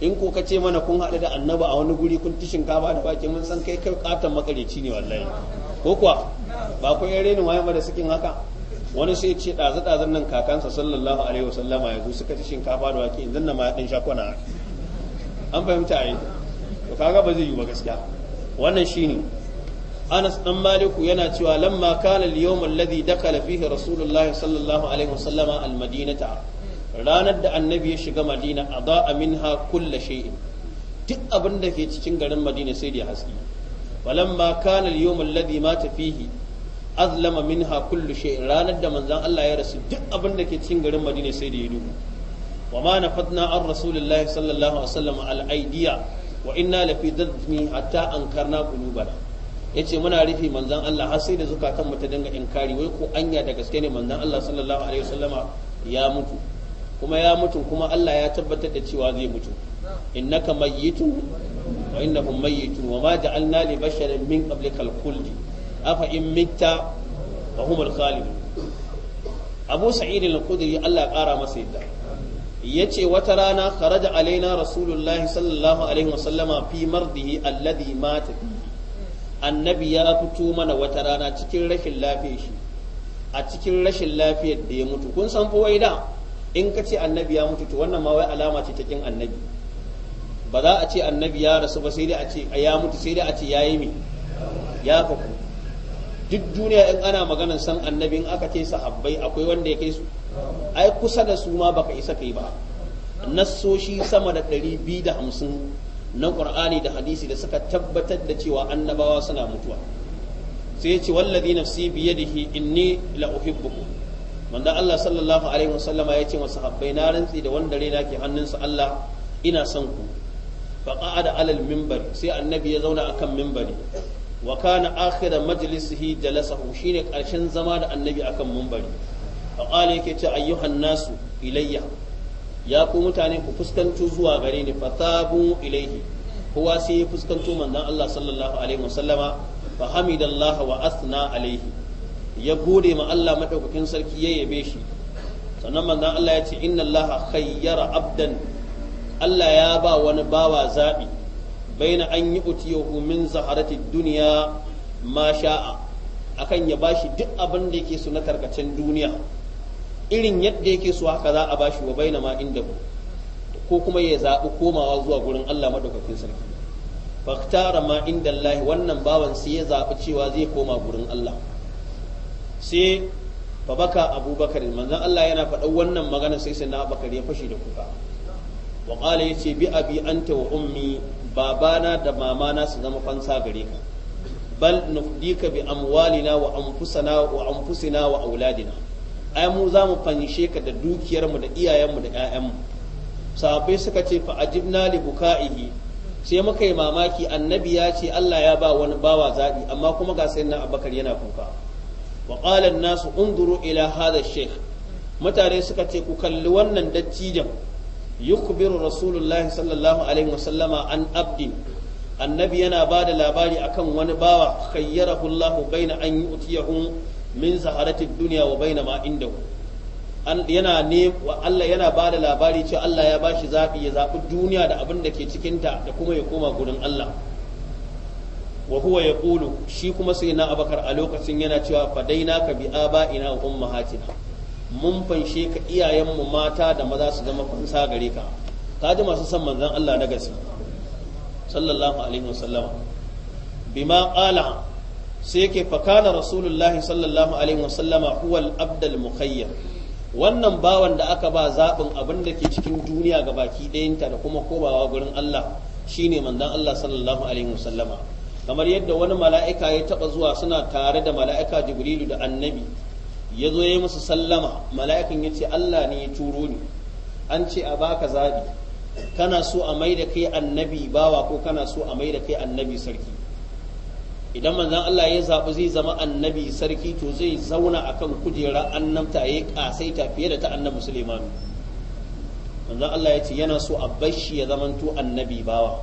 in ko ka ce mana kun haɗu da annaba a wani guri kun ci shinkafa da baki mun san kai kai katon makareci ne wallahi ko kuwa ba ku yare ni waye da sukin haka wani sai ce ɗazu ɗazun nan kakansa sallallahu alaihi wasallama ya zo suka ci shinkafa da baki inda nan ma ya ɗin sha kwana an fahimta ai to kaga ba zai yi ba gaskiya wannan shine Anas dan Maliku yana cewa lamma kana al-yawm alladhi dakala fihi Rasulullahi sallallahu alaihi wasallama al-Madinata ranar da annabi ya shiga madina a za a minha kulla shay'in duk abin da ke cikin garin madina sai da haske falamma kana al-yawm alladhi mata fihi azlama minha kullu shay'in ranar da manzon Allah ya rasu duk abin da ke cikin garin madina sai da ya duhu wa ma nafadna an rasulillahi sallallahu alaihi wasallam al-aidiya wa inna lafi dadni hatta ankarna qulubana ya ce muna rufe manzan Allah har sai da zukatan mu ta dinga inkari wai ko anya da gaske ne manzan Allah sallallahu alaihi wasallama ya mutu kuma ya mutu kuma Allah ya tabbatar da cewa zai mutu innaka mayyitun wa innahum mayyitun wa ma ja'alna li basharin min qablika al-khuld afa in mitta wa hum al Abu Sa'id al-Khudri Allah ya kara masa yadda yace wata rana kharaja alaina rasulullah sallallahu alaihi wa sallama fi mardihi alladhi mata annabi ya fito mana wata rana cikin rashin lafiyar shi a cikin rashin lafiyar da ya mutu kun san fa da in ka ce annabi ya mutu to wannan ma wai alama ce ta kin annabi ba za a ce annabi ya rasu ba sai dai a ce ya mutu sai dai a ce ya yi mi ya faku duk duniya in ana maganar san annabi in aka ce sahabbai akwai wanda ya kai su ai kusa da su ma baka isa kai ba nassoshi sama da ɗari 250 na qur'ani da hadisi da suka tabbatar da cewa annabawa suna mutuwa sai ya ce wallazi nafsi biyadihi inni la uhibbukum manzon Allah sallallahu alaihi wasallama ya ce masa habbai na rantsi da wanda raina ke hannunsa Allah ina son ku fa qa'ada alal minbar sai annabi ya zauna akan minbari wa kana akhira majlisihi jalasahu shine karshen zama da annabi akan minbari fa qala yake ce ayyuhan nasu ilayya ya ku mutane ku fuskanto zuwa gare ni fatabu ilaihi kowa sai ya fuskanto manzon Allah sallallahu alaihi wasallama fa hamidallahu wa asna alaihi ya gode ma Allah maɗaukakin sarki ya yabe shi sannan manzon Allah ya ce inna Allah khayyara abdan Allah ya ba wani bawa bai baina an yi utiyahu min zaharati duniya ma sha'a akan ya bashi duk abin da yake so na tarkacen duniya irin yadda yake so haka za a bashi wa na ma inda ko kuma ya zaɓi komawa zuwa gurin Allah maɗaukakin sarki faktara ma inda Allah wannan bawan sai ya zaɓi cewa zai koma gurin Allah sai babaka abubakar manzon Allah yana faɗa wannan magana sai sai na abubakar ya fashi da kuka wa ya yace bi abi anta wa ummi babana da mamana su zama fansa gare ka bal nufdika bi amwalina wa anfusana wa anfusina wa auladina ai mu za mu fanshe ka da dukiyarmu da iyayenmu da ƴaƴanmu sahabbai suka ce fa ajibna li bukaihi sai muka yi mamaki annabi ya ce Allah ya ba wani bawa zaɓi amma kuma ga sayyidina abubakar yana kuka waƙalan nasu an-nas unzuru ila hadha ash mutane suka ce ku kalli wannan dattijan yukbiru rasulullahi sallallahu alaihi wasallama an abdin annabi yana ba da labari akan wani bawa khayyarahu Allahu baina an yu'tiyahu min zaharatid dunya wa baina ma indahu yana ne yana ba da labari cewa Allah ya bashi zabi ya zaɓi duniya da abin da ke cikinta da kuma ya koma gurin Allah wa huwa yaqulu shi kuma sai na abakar a lokacin yana cewa na ka bi aba'ina wa ummahatina mun fanshe ka iyayenmu mata da maza su zama fansa gare ka ka ji masu son manzon Allah na gaske sallallahu alaihi wasallam bima qala sai yake fakana rasulullah sallallahu alaihi wasallama huwa al-abdal mukhayyar wannan bawan da aka ba zaɓin abin da ke cikin duniya ga baki ɗayanta da kuma komawa gurin Allah shine manzon Allah sallallahu alaihi wasallama kamar yadda wani mala'ika ya taɓa zuwa suna tare da mala'ika jibrilu da annabi ya zo ya yi musu sallama mala'ikan ya ce allah ne ya turo ni an ce a baka zaɓi kana so a mai da kai annabi bawa ko kana so a mai da kai annabi sarki idan manzan allah ya zaɓi zai zama annabi sarki to zai zauna a kan kujera annabta ya ƙasaita fiye da ta annabi suleimanu manzan allah ya ce yana so a bashi ya zamanto annabi bawa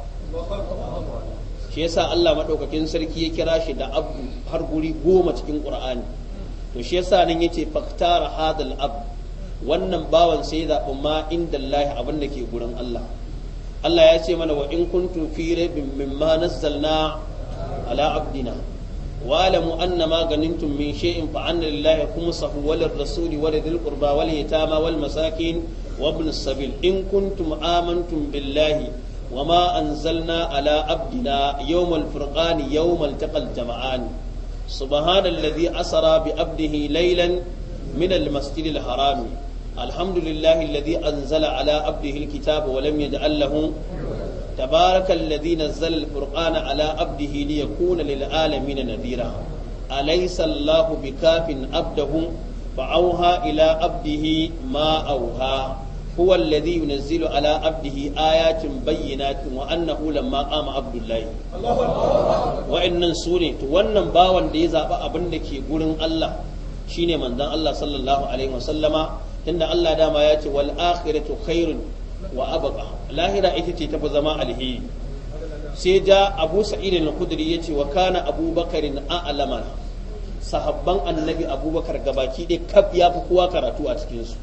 shi yasa Allah madaukakin sarki ya kira shi da abdu har guri goma cikin qur'ani to shi yasa nan yace faktara hadal abd wannan bawan sai zaɓi ma inda Allah abin da ke gurin Allah Allah ya ce mana wa in kuntum fi raibin mimma nazzalna ala abdina wa anna ma ganimtum min shay'in fa anna lillahi khumsahu wa lirrasuli wa lidhil qurba wal yatama wal masakin wa ibn sabil in kuntum amantum billahi وما أنزلنا على عبدنا يوم الفرقان يوم التقى الجمعان سبحان الذي أسرى بأبده ليلا من المسجد الحرام الحمد لله الذي أنزل على عبده الكتاب ولم يجعل له تبارك الذي نزل القرآن على عبده ليكون للعالمين نذيرا أليس الله بكاف عبده فأوها إلى عبده ما أوها huwa alladhi yunazzilu ala abdihi ayatin bayyinatin wa annahu lamma qama abdullahi wa innan sune to wannan bawan da ya zaba abin da ke gurin Allah shine manzon Allah sallallahu alaihi wasallama tunda Allah dama ya ce wal akhiratu khairun wa abqa lahira ita ce ta tafi zama alheri sai ja Abu na al ya ce wa kana Abu Bakarin a'lamana sahabban annabi Abubakar gabaki ɗaya kaf ya fi kowa karatu a cikinsu.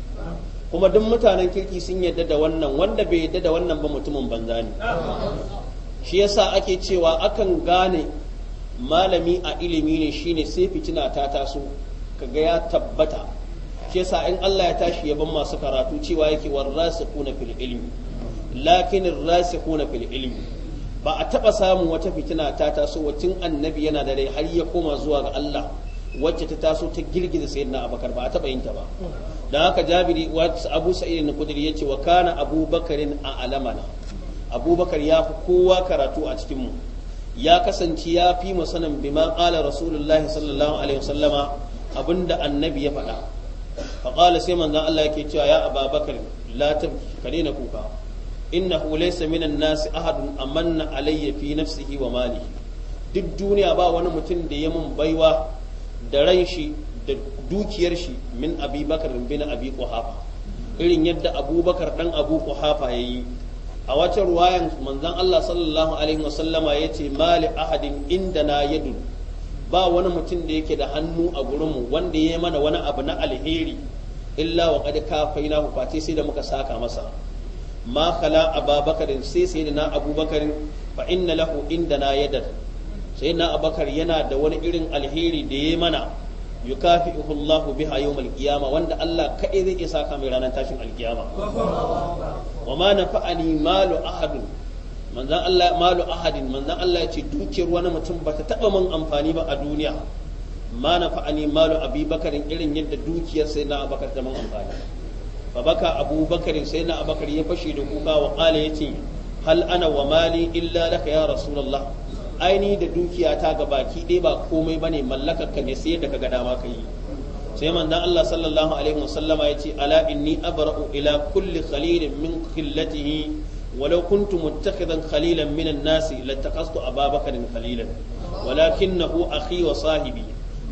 kuma duk mutanen kirki sun yadda da wannan wanda bai yadda da wannan ba mutumin banza ne shi yasa ake cewa akan gane malami a ilimi ne shine sai fitina ta taso kaga ya tabbata shi yasa in Allah ya tashi ya ban masu karatu cewa yake warrasikuna fil ilmi lakin rasikuna fil ilmi ba a taba samun wata fitina ta taso wacin annabi yana da rai har ya koma zuwa ga Allah wacce ta taso ta girgiza na abakar ba a taba yin ta ba da haka jabiri abu sa'id na ya ce wa kana abubakarin a alamana abubakar ya fi kowa karatu a cikin mu ya kasance ya fi masanin bima qala rasulullahi sallallahu alaihi wasallama abinda annabi ya faɗa faqala sai manzon Allah yake cewa ya Abubakar la tabki ka daina kuka innahu laysa minan nasi ahadun amanna alayya fi nafsihi wa malihi duk duniya ba wani mutum da ya mun baiwa da ran shi da dukiyar shi min abi bakar bin abi quhafa irin yadda abubakar dan abu quhafa yayi a wata ruwayan manzon Allah sallallahu alaihi wasallama yace mali ahadin inda na yadu ba wani mutum da yake da hannu a gurin mu wanda ya mana wani abu na alheri illa wa qad kafaina hu face sai da muka saka masa ma khala ababakarin sai sai da na abubakarin fa inna lahu indana yadad sai na abakar yana da wani irin alheri da ya mana yukafi ihullahu biha yau qiyama wanda Allah kaɗai zai isa ka mai ranar tashin alkiyama wa ma nafa'ani malu ahadin manzan Allah malu ahadin manzan Allah ya ce dukiyar wani mutum ba ta taba man amfani ba a duniya ma nafa'ani malu abubakarin irin yadda dukiyar sai na abakar ta man amfani fa baka abubakarin sai na abakar ya fashe da kuka wa ya ce hal ana wa mali illa laka ya rasulullah aini da dukiya ta ga baki ɗaya ba komai ba mallakar ka ne sai da kaga dama ka yi sai manzon Allah sallallahu alaihi wasallama ya ce ala inni abra'u ila kulli khalilin min qillatihi ولو كنت متخذا خليلا من الناس لاتخذت ابا بكر خليلا ولكنه sahibi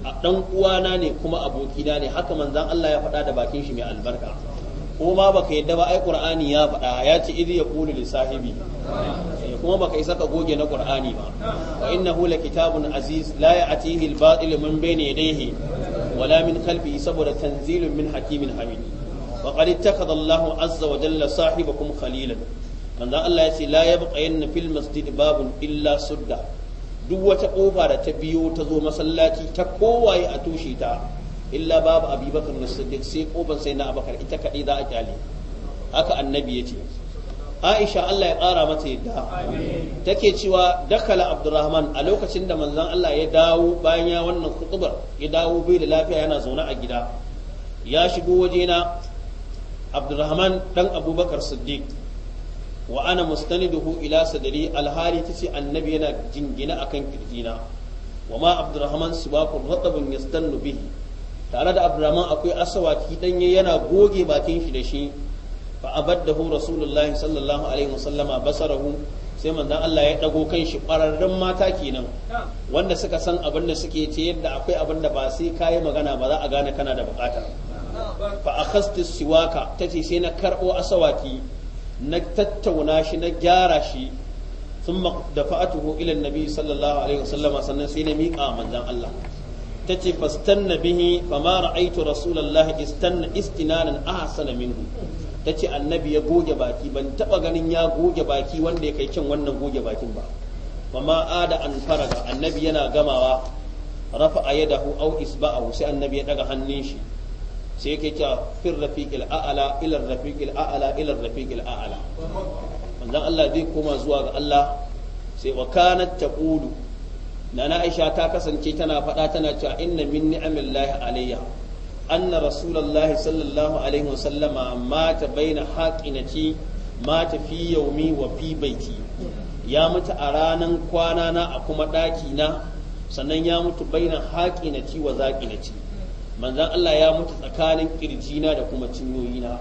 a dan uwana ne kuma abokina ne haka manzon Allah ya faɗa da bakin shi mai albarka ko ma baka yadda ba ai qur'ani ya faɗa ya ce idh yaqulu li sahibi kuma baka isa ka goge na qur'ani ba wa innahu kitabun aziz la ya'tihi al-batil min bayni yadayhi wala min khalfihi saboda tanzilun min hakimin hamid wa qad ittakhadha Allahu azza wa jalla sahibakum khalilan manzo Allah ya ce la yabqayanna fil masjid babun illa sudda duk wata kofa da ta biyo ta zo masallaci ta kowaye a tushe ta illa babu abubakar na sai kofar sai na abakar ita kaɗai za a kyale haka annabi ya ce Aisha Allah ya kara mata yadda take cewa dakala abdulrahman a lokacin da manzon Allah ya dawo bayan ya wannan kutubar ya dawo bai da lafiya yana zaune a gida ya shigo wajena abdulrahman dan Abubakar Siddiq mustani ana mustaniduhu ila sadri alhali tace annabi yana jingina akan kirjina wa ma Abdurrahman sibaqun ratabun yastannu bihi tare da abdulrahman akwai asawaki danye yana goge bakin shi da shi fa abaddahu rasulullahi sallallahu alaihi wasallama basarahu sai manzon Allah ya dago kan shi ƙwararrun mata kenan wanda suka san abin da suke ce yadda akwai abin da ba sai kayi magana ba za a gane kana da bukata fa akhastu siwaka tace sai na karbo asawaki na tattauna shi na gyara shi ثم دفعته الى النبي صلى الله عليه وسلم سنن سينا ميقا منزان الله تتي فاستن به فما رأيت رسول الله استن استنانا أحسن منه ta ce annabi ya goge baki ban taba ganin ya goge baki wanda ya kai cin wannan goge bakin ba amma ada an faraga annabi yana gamawa rafa a yadahu au isba'ahu sai annabi ya daga hannun shi sai yake cewa fir rafiqil a'ala ila rafiqil a'ala ila rafiqil a'ala manzon Allah zai koma zuwa ga Allah sai wa kanat taqulu nana Aisha ta kasance tana faɗa tana cewa inna min ni'amillahi alayya anna rasulullahi sallallahu alaihi wasallama mata baina haqinati mata fi yaumi wa fi baiti ya mutu a ranan kwana na a kuma ɗakina sannan ya mutu baina haqinati wa zaqinati manzon Allah ya mutu tsakanin ƙirjina da kuma cinyoyina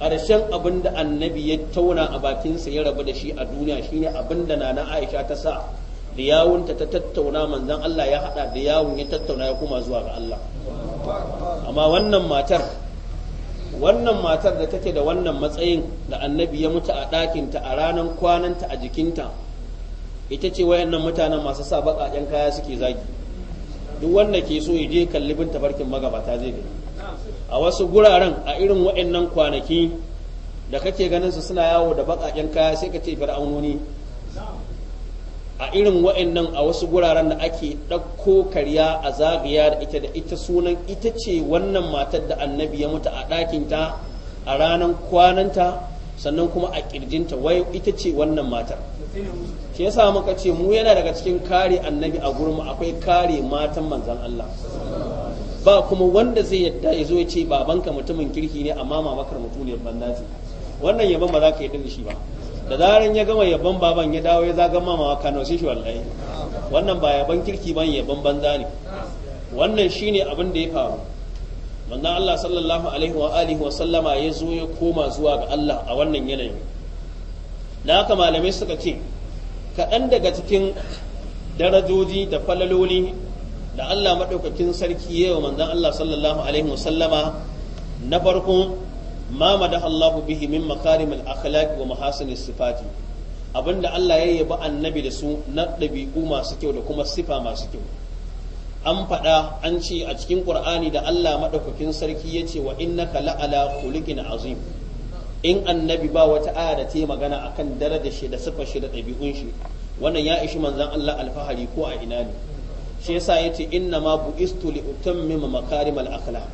ƙarshen abin da annabi ya tauna a bakinsa ya rabu da shi a duniya shine abin da na Aisha ta sa da yawunta ta tattauna manzan Allah ya hada da yawun ya tattauna ya kuma zuwa ga Allah amma wannan matar wannan matar da take da wannan matsayin da annabi ya mutu a ɗakinta a ranar kwananta a jikinta ita ce wayannan mutanen masu sa baƙaƙen kaya suke zagi duk wanda ke so ya je kalli bin tafarkin magabata zai gani a wasu guraren a irin wayannan kwanaki da kake ganin su suna yawo da baƙaƙen kaya sai ka ce fir'aunoni a irin wa'annan a wasu guraren da ake ɗauko karya a zagaya da ita da ita sunan ita ce wannan matar da annabi ya mutu a ɗakinta a ranar kwananta sannan kuma a ƙirjinta wai ita ce wannan matar ke yasa muka ce mu yana daga cikin kare annabi a gurma akwai kare matan manzan Allah ba kuma wanda zai yadda ya zo ce babanka mutumin kirki ne amma mamakar mutuniyar bandaji wannan yaban ba za ka yi da shi ba da zaran ya gama yabon baban ya dawo ya zaga mamawa Kano sai shi wallahi wannan ba yaban kirki ban yaban banza ne wannan shine abin da ya faru manzon Allah sallallahu alaihi wa alihi wa sallama ya zo ya koma zuwa ga Allah a wannan yanayin da haka malamai suka ce kaɗan daga cikin darajoji da falaloli da Allah maɗaukakin sarki ya yi wa manzon Allah sallallahu alaihi wa sallama na farko ma madaha Allahu bihi min makarimil akhlaq wa mahasinis sifati abinda Allah ya yabi annabi da su na ɗabi'u masu kyau da kuma sifa masu kyau an faɗa an ce a cikin Qur'ani da Allah madaukakin sarki ya ce wa innaka la'ala khuluqin azim in annabi ba wata aya da ta magana akan darajar shi da sifar shi da ɗabi'un shi wannan ya ishi manzon Allah alfahari ko a ina ne shi yasa yace inna ma bu'istu li utammima makarimal akhlaq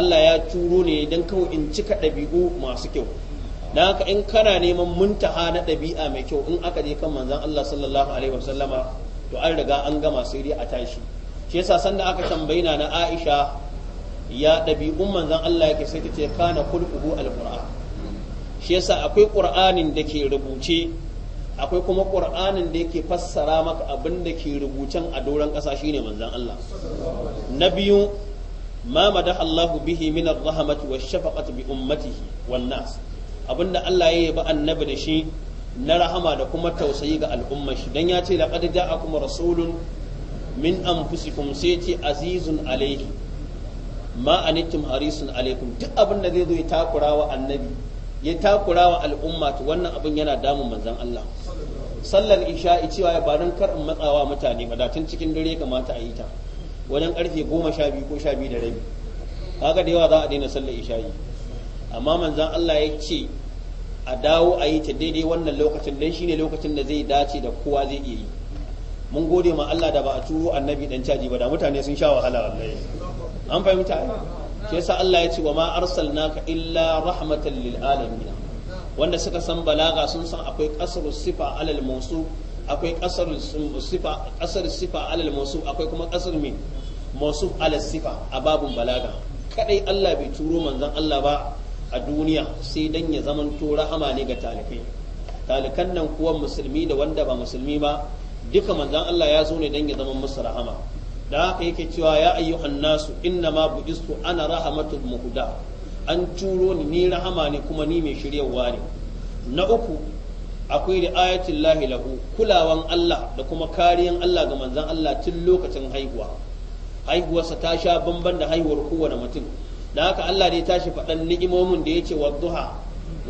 Allah ya turo ne dan kawai in cika dabi'u masu kyau dan haka in kana neman muntaha na dabi'a mai kyau in aka je kan manzon Allah sallallahu alaihi wasallama to an riga an gama sai a tashi shi yasa sanda aka tambayi na Aisha ya dabi'un manzon Allah yake sai ta ce kana al qur'an shi yasa akwai qur'anin da ke rubuce akwai kuma ƙur'anin da yake fassara maka abin da ke rubucin a doron ƙasa shine manzon Allah na biyu ma Allahu bihi min ar-rahmati wash-shafaqati bi ummatihi wan-nas abinda Allah ya ba annabi da shi na rahama da kuma tausayi ga al'ummar shi dan ya ce laqad ja'akum rasulun min anfusikum sai ce azizun alayhi ma anittum harisun alaikum duk abin da zai zo ya takura wa annabi ya takura wa al'umma to wannan abin yana damun manzon Allah sallar isha'i cewa ya don kar in matsawa mutane ba tun cikin dare kamata a yi ta wajen karfe goma sha biyu ko sha biyu da rabi kaga da yawa za a daina sallar isha'i amma manzan Allah ya ce a dawo a yi ta daidai wannan lokacin dan shine lokacin da zai dace da kowa zai iya yi mun gode ma Allah da ba a turo annabi dan caji ba da mutane sun sha wahala wallahi an fahimta shi yasa Allah ya ce wa ma arsalnaka illa rahmatan lil alamin wanda suka san balaga sun san akwai kasar sifa alal mawsu akwai kasar sifa kasar sifa alal mawsu akwai kuma kasar mai mawsu alal sifa a babun balaga kadai Allah bai turo manzon Allah ba a duniya sai dan ya zaman to rahama ne ga talibai talikan nan kuwa musulmi da wanda ba musulmi ba duka manzon Allah ya zo ne dan ya zama musu rahama da haka yake cewa ya ayyuhan nasu innama bu'istu ana rahmatul muhda an turo ni ni rahama ne kuma ni mai shiryarwa ne na uku akwai ri'ayatin lahi lahu kulawan Allah da kuma kariyan Allah ga manzan Allah tun lokacin haihuwa haihuwarsa ta sha bamban da haihuwar kowane mutum da haka Allah ne tashi faɗan ni'imomin da yace wadduha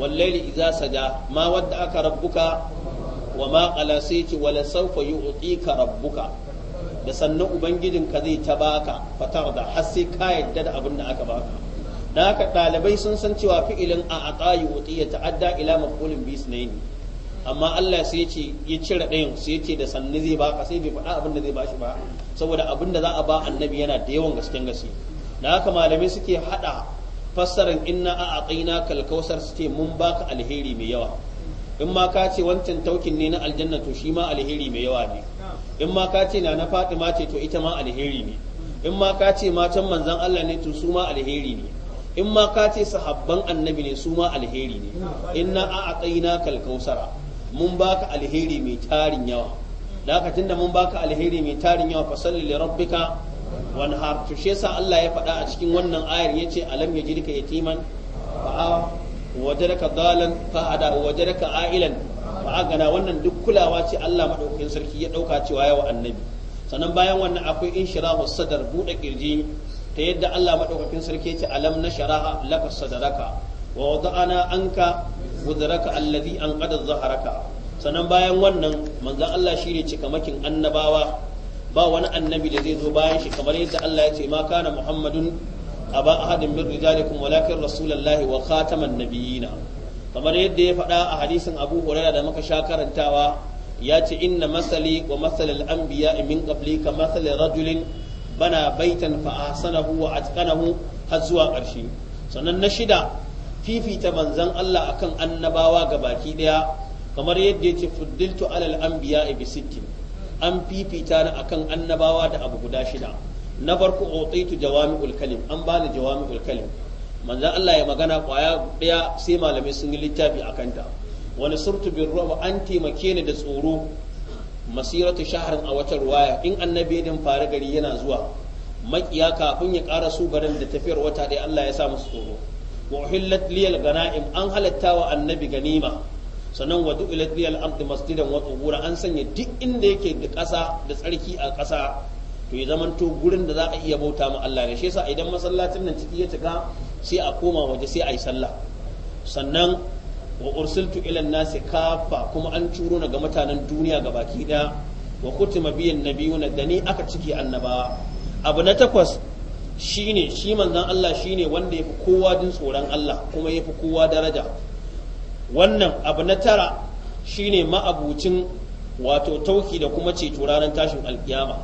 wallaili idza saja ma wadda aka rabbuka wa ma qala sai yace wala sawfa yu'tika rabbuka da sannan ubangijinka zai ta baka fatar da har sai ka yadda da abin da aka baka da haka ɗalibai sun san cewa fi'ilin a atayi wuti ya ta'adda ila maf'ulin bis ne amma Allah sai ce ya cire ɗayan sai ce da sanni zai baka sai bai faɗa abin da zai bashi ba saboda abin da za a ba annabi yana da yawan gasken gaske da haka malamai suke haɗa fassarar inna a na kalkausar suke mun baka alheri mai yawa in ma ka ce wancan taukin ne na aljanna to shi ma alheri mai yawa ne in ma ka ce na na fatima ce to ita ma alheri ne in ma ka ce matan manzon Allah ne to su ma alheri ne in ma ka ce sahabban annabi ne su ma alheri ne inna a aqaina kal kausara mun baka alheri mai tarin yawa lokacin da mun baka alheri mai tarin yawa fa salli li rabbika wanhar to shi yasa Allah ya faɗa a cikin wannan ayar yace alam yajidka yatiman fa wajadaka dalan fa ada wajadaka ailan fa agana wannan duk kulawa ce Allah madaukakin sarki ya dauka cewa yawa annabi sannan bayan wannan akwai inshirahu sadar buɗe kirji ta yadda Allah madaukakin sarki yace alam nasharaha laka sadraka wa wada'ana anka wudraka an anqada zaharaka sannan bayan wannan manzon Allah shine cikamakin annabawa ba wani annabi da zai zo bayan shi kamar yadda Allah ya ce ma kana muhammadun aba ahadin min rijalikum walakin rasulullahi wa khataman nabiyina kamar yadda ya faɗa a hadisin Abu Hurairah da muka sha karantawa ya ce inna masali wa masalil anbiya min qabli ka rajulin bana baitan fa ahsanahu wa atqanahu har zuwa ƙarshe sannan na shida fifita manzon Allah akan annabawa ga baki daya kamar yadda ce fuddiltu alal anbiya bi sittin an fifita ni akan annabawa da abu guda shida na farko utaitu jawami'ul kalim an bani jawami'ul kalim manzon Allah ya magana kwaya daya sai malamai sun yi littafi akan ta wani surtu bin ruwa an taimake ni da tsoro masiratu shaharin a wata ruwaya in annabi din fara gari yana zuwa makiya kafin ya kara su garin da tafiyar wata ɗaya Allah ya sa musu tsoro wa uhillat liyal ganaim an halatta wa annabi ganima sannan wa du'ilat liyal ardi masjidan wa tuhura an sanya duk inda yake da kasa da tsarki a ƙasa to ya to gurin da za a iya bauta ma Allah ne shi yasa idan masallacin nan ciki ya cika sai a koma waje sai a yi sallah sannan wa ursiltu ilan nasi kafa kuma an curo na ga mutanen duniya ga baki daya wa kutima biyan nabiyuna da ni aka ciki annabawa abu na takwas shine shi manzon Allah shine wanda yafi kowa din tsoron Allah kuma yafi kowa daraja wannan abu na tara shine ma'abucin wato tauki da kuma ceto ranar tashin alkiyama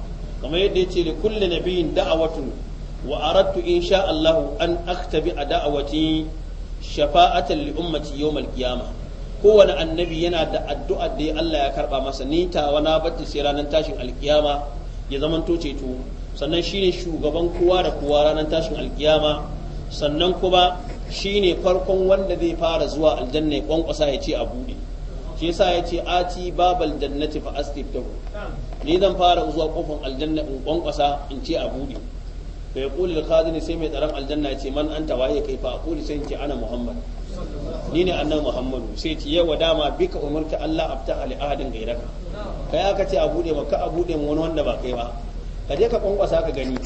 kamar yadda ya ce li kulle nabiyin da'awatu wa aradtu insha Allah an aktabi a da'awati shafa'atan li ummati yawmal qiyama kowane annabi yana da addu'a da Allah ya karba masa ni ta na bacci sai ranar tashin alkiyama ya zaman to ceto sannan shine shugaban kowa da kowa ranar tashin alkiyama sannan kuma shine farkon wanda zai fara zuwa aljanna ya kwankwasa ya ce a bude shi yasa ya ce ati babal jannati fa astiftahu ni zan fara zuwa kofin aljanna in kwankwasa in ce a bude fa yaqulu al khazin sai mai tsaron aljanna ya ce man anta waye kai fa aqulu sai ce ana muhammad ni ne annabi muhammadu sai ce yawa dama bika umarta allah abta al ahadin gairaka kai aka ce a bude maka a bude wani wanda ba kai ba kaje ka kwankwasa ka gani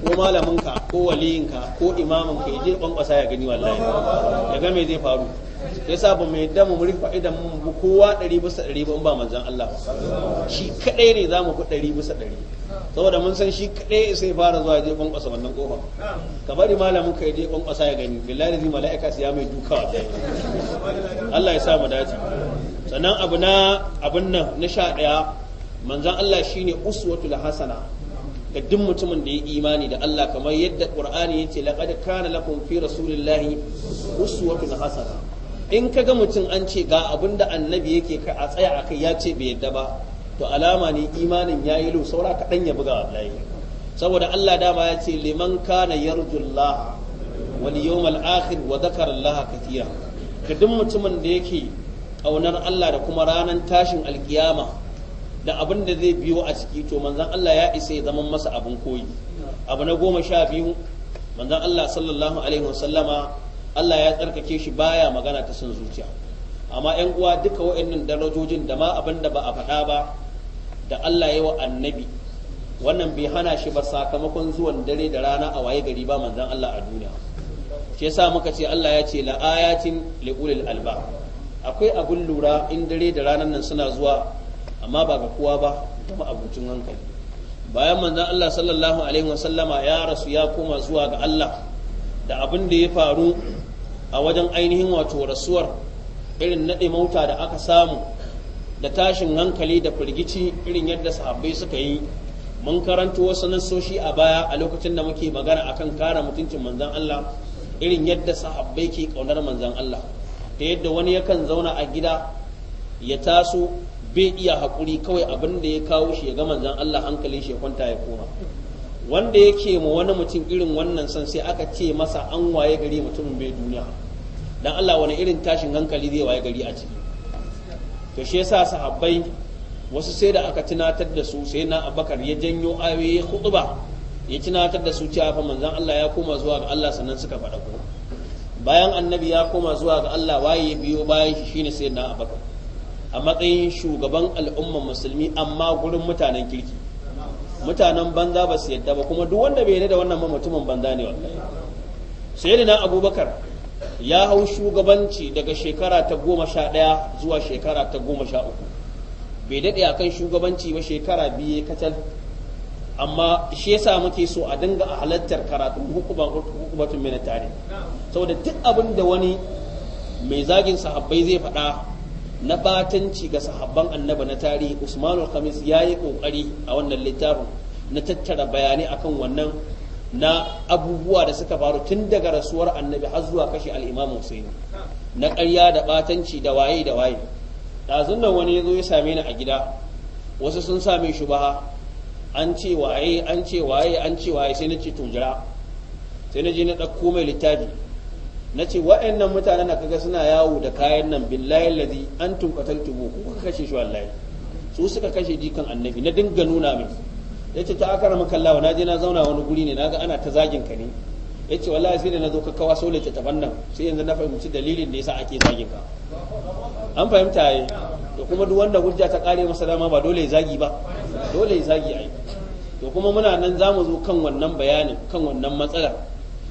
ko malaminka ko waliyinka ko imaminka ya je kwankwasa ya gani wallahi ya ga zai faru yasa ba mai yadda mu rufa idan mu kowa ɗari bisa ɗari ba manzan Allah shi kaɗai ne za mu fi ɗari bisa saboda mun san shi kaɗai sai fara zuwa je ƙasa wannan ƙofa ka bari malamin ka je kwankwasa ya gani billahi zai mala'ika su ya mai duka Allah ya sa mu dace sannan abu na abun nan na sha ɗaya manzon Allah shine uswatul hasana ga duk mutumin da ya imani da Allah kamar yadda Qur'ani yace laqad kana lakum fi rasulillahi uswatul hasana in ka ga mutum an ce ga abin da annabi yake kai a tsaya kai ya ce bai yadda ba to alama ne imanin ya yi saura kaɗan ya buga layi saboda Allah dama ya ce liman kana yarjullah wal yawmal akhir wa dhakara Allah kathira ga duk mutumin da yake kaunar Allah da kuma ranar tashin alkiyama da abin da zai biyo a ciki to manzon Allah ya isa ya zama masa abin koyi abu na goma sha biyu manzon Allah sallallahu alaihi wasallama Allah ya tsarkake shi baya magana ta son zuciya amma yan uwa duka wa'annan darajojin da ma abin da ba a faɗa ba da Allah ya wa annabi wannan bai hana shi ba sakamakon zuwan dare da rana a waye gari ba manzon Allah a duniya shi yasa muka ce Allah ya ce la ayatin liulil alba akwai abun lura in dare da ranar nan suna zuwa amma ba ga kowa ba kuma abincin hankali bayan manzon Allah sallallahu alaihi wasallama ya rasu ya koma zuwa ga Allah da abin da ya faru a wajen ainihin wato rasuwar irin naɗe mauta da aka samu da tashin hankali da firgici irin yadda sahabbai suka yi mun karanto wasu nassoshi a baya a lokacin da muke magana akan kara mutuncin manzon Allah irin yadda sahabbai ke kaunar manzon Allah ta yadda wani yakan zauna a gida ya taso bai iya hakuri kawai abin da ya kawo shi ya ga manzon Allah hankalin shi ya kwanta ya koma wanda yake ma wani mutum irin wannan san sai aka ce masa an waye gari mutumin bai duniya dan Allah wani irin tashin hankali zai waye gari a ciki to shi yasa sahabbai wasu sai da aka tunatar da su sai na abakar ya janyo ayoyi khutba ya tunatar da su cewa fa manzon Allah ya koma zuwa ga Allah sannan suka faɗa ko bayan annabi ya koma zuwa ga Allah waye biyo bayan shi shine sai na abakar a matsayin shugaban al'umman musulmi amma gurin mutanen kirki mutanen banza ba su yadda ba kuma duk wanda bai yarda da wannan mutumin banza ne wallahi na abubakar ya hau shugabanci daga shekara ta goma sha ɗaya zuwa shekara ta goma sha uku bai daɗe a kan shugabanci ba shekara biyu kacal amma shi yasa muke so a dinga a halattar karatun hukumatun na tare saboda duk abin da wani mai zagin sahabbai zai faɗa na batanci ga sahabban annaba na tarihi usmanul khamis ya yi ƙoƙari a wannan littafin na tattara bayanai akan wannan na abubuwa da suka faru tun daga rasuwar annabi har zuwa kashe al'imam Husaini na ƙarya da ɓatanci da waye da waye ɗazun nan wani ya zo ya same ni a gida wasu sun same shi ba an ce waye an ce waye an ce waye sai na ce to jira sai na je na ɗauko mai littafi na ce wa'annan mutanen da kaga suna yawo da kayan nan billahi lazi an tunkatar ku kuka kashe shi wallahi su suka kashe jikan annabi na dinga nuna mai yace ta akara kalla Allah na je na zauna wani guri ne naga ana ta zagin ka ne yace wallahi sai da zo ka kawa sole ta taban nan sai yanzu na fahimci dalilin da yasa ake zagin ka an fahimta yayi to kuma duk wanda hujja ta kare masa dama ba dole ya zagi ba dole ya zagi ai to kuma muna nan za mu zo kan wannan bayanin kan wannan matsalar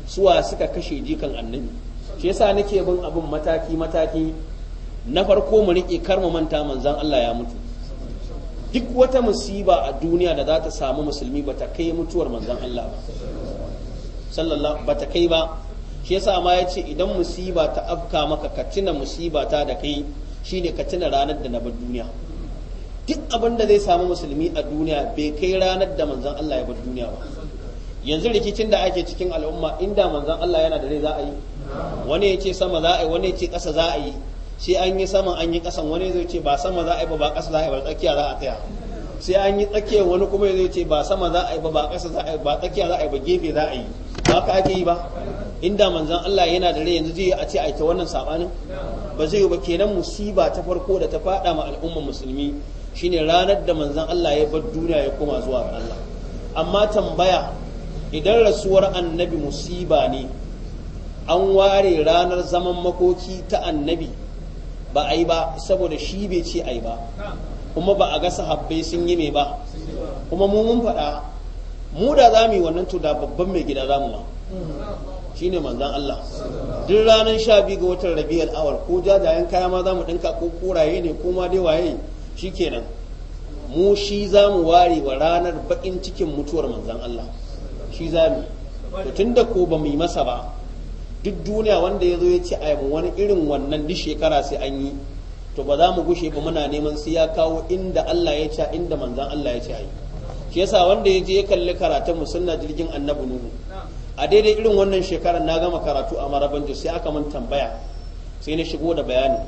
suwa suka kashe jikan annabi shi yasa nake bin abin mataki mataki na farko mu rike kar mu manta manzon Allah ya mutu duk wata musiba a duniya da za ta samu musulmi ba ta kai mutuwar manzon Allah ba sallallahu ba ta kai ba shi yasa ma ya ce idan musiba ta afka maka ka tuna musiba ta da kai shine ka tuna ranar da na bar duniya duk abin da zai samu musulmi a duniya bai kai ranar da manzon Allah ya bar duniya ba yanzu rikicin da ake cikin al'umma inda manzon Allah yana da rai za a yi wani ya ce sama za a yi wani ya ce ƙasa za a yi sai an yi sama an yi kasan wani zai ce ba sama za a yi ba kasa za a yi ba tsakiya za a tsaya sai an yi tsakiya wani kuma zai ce ba sama za a yi ba kasa za a yi ba tsakiya za a yi ba gefe za a yi ba ka ake yi ba inda manzon Allah yana da rai yanzu zai a ce a ta wannan sabanin ba zai yi ba kenan musiba ta farko da ta fada ma al'ummar musulmi shine ranar da manzon Allah ya bar duniya ya koma zuwa ga Allah amma tambaya idan rasuwar annabi musiba ne an ware ranar zaman makoki ta annabi ba a yi ba saboda shi bai ce a yi ba kuma ba a gasa sahabbai sun yi mai ba kuma mu mun faɗa mu da za mu yi wannan to da babban mai gida za mu ma shi ne manzan Allah duk ranar sha biyu ga watan rabi'al awar ko jajayen kaya ma za mu ɗinka ko koraye ne ko ma dai waye shi kenan mu shi za mu ware wa ranar baƙin cikin mutuwar manzan Allah shi za mu to tun da ko ba mu yi masa ba duk duniya wanda ya zo ya ce a wani irin wannan duk shekara sai an yi to ba za mu gushe ba muna neman sai ya kawo inda Allah ya ce inda manzan Allah ya ce ayi shi yasa wanda ya je ya kalli karatun musanna jirgin annabi nuhu a daidai irin wannan shekarar na gama karatu a maraban sai aka mun tambaya sai na shigo da bayani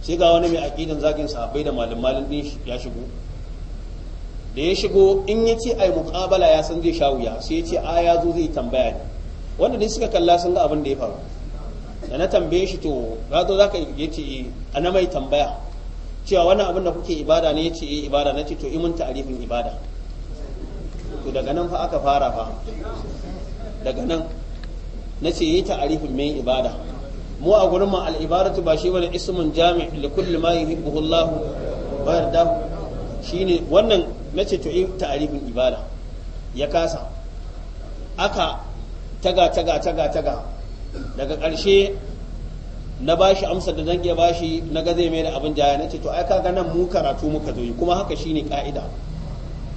sai ga wani mai aqidan zagin sahabbai da malin malin din ya shigo da ya shigo in ya ce ai muqabala ya san zai sha wuya sai ya ce a ya zo zai tambaya ne wanda dai suka kalla sun ga abin da ya faru da na tambaye shi to ga zo zaka yi ce eh, a na mai tambaya cewa wannan abin da kuke ibada ne ya ce eh, ibada na ce to imin ta'arifin ibada to daga nan fa aka fara fa daga nan na ce yi ta'arifin mai ibada mu a gurin mu al'ibaratu ba shi wani ismun jami' li kulli ma yuhibbuhu Allah wa yardahu shine wannan nace to ta'arifin ibada ya kasa aka taga taga taga taga daga ƙarshe na ba shi amsa da zan iya ba shi na ga zai mai da abin jaya na ce to ai kaga nan mu karatu muka zo kuma haka shine ka'ida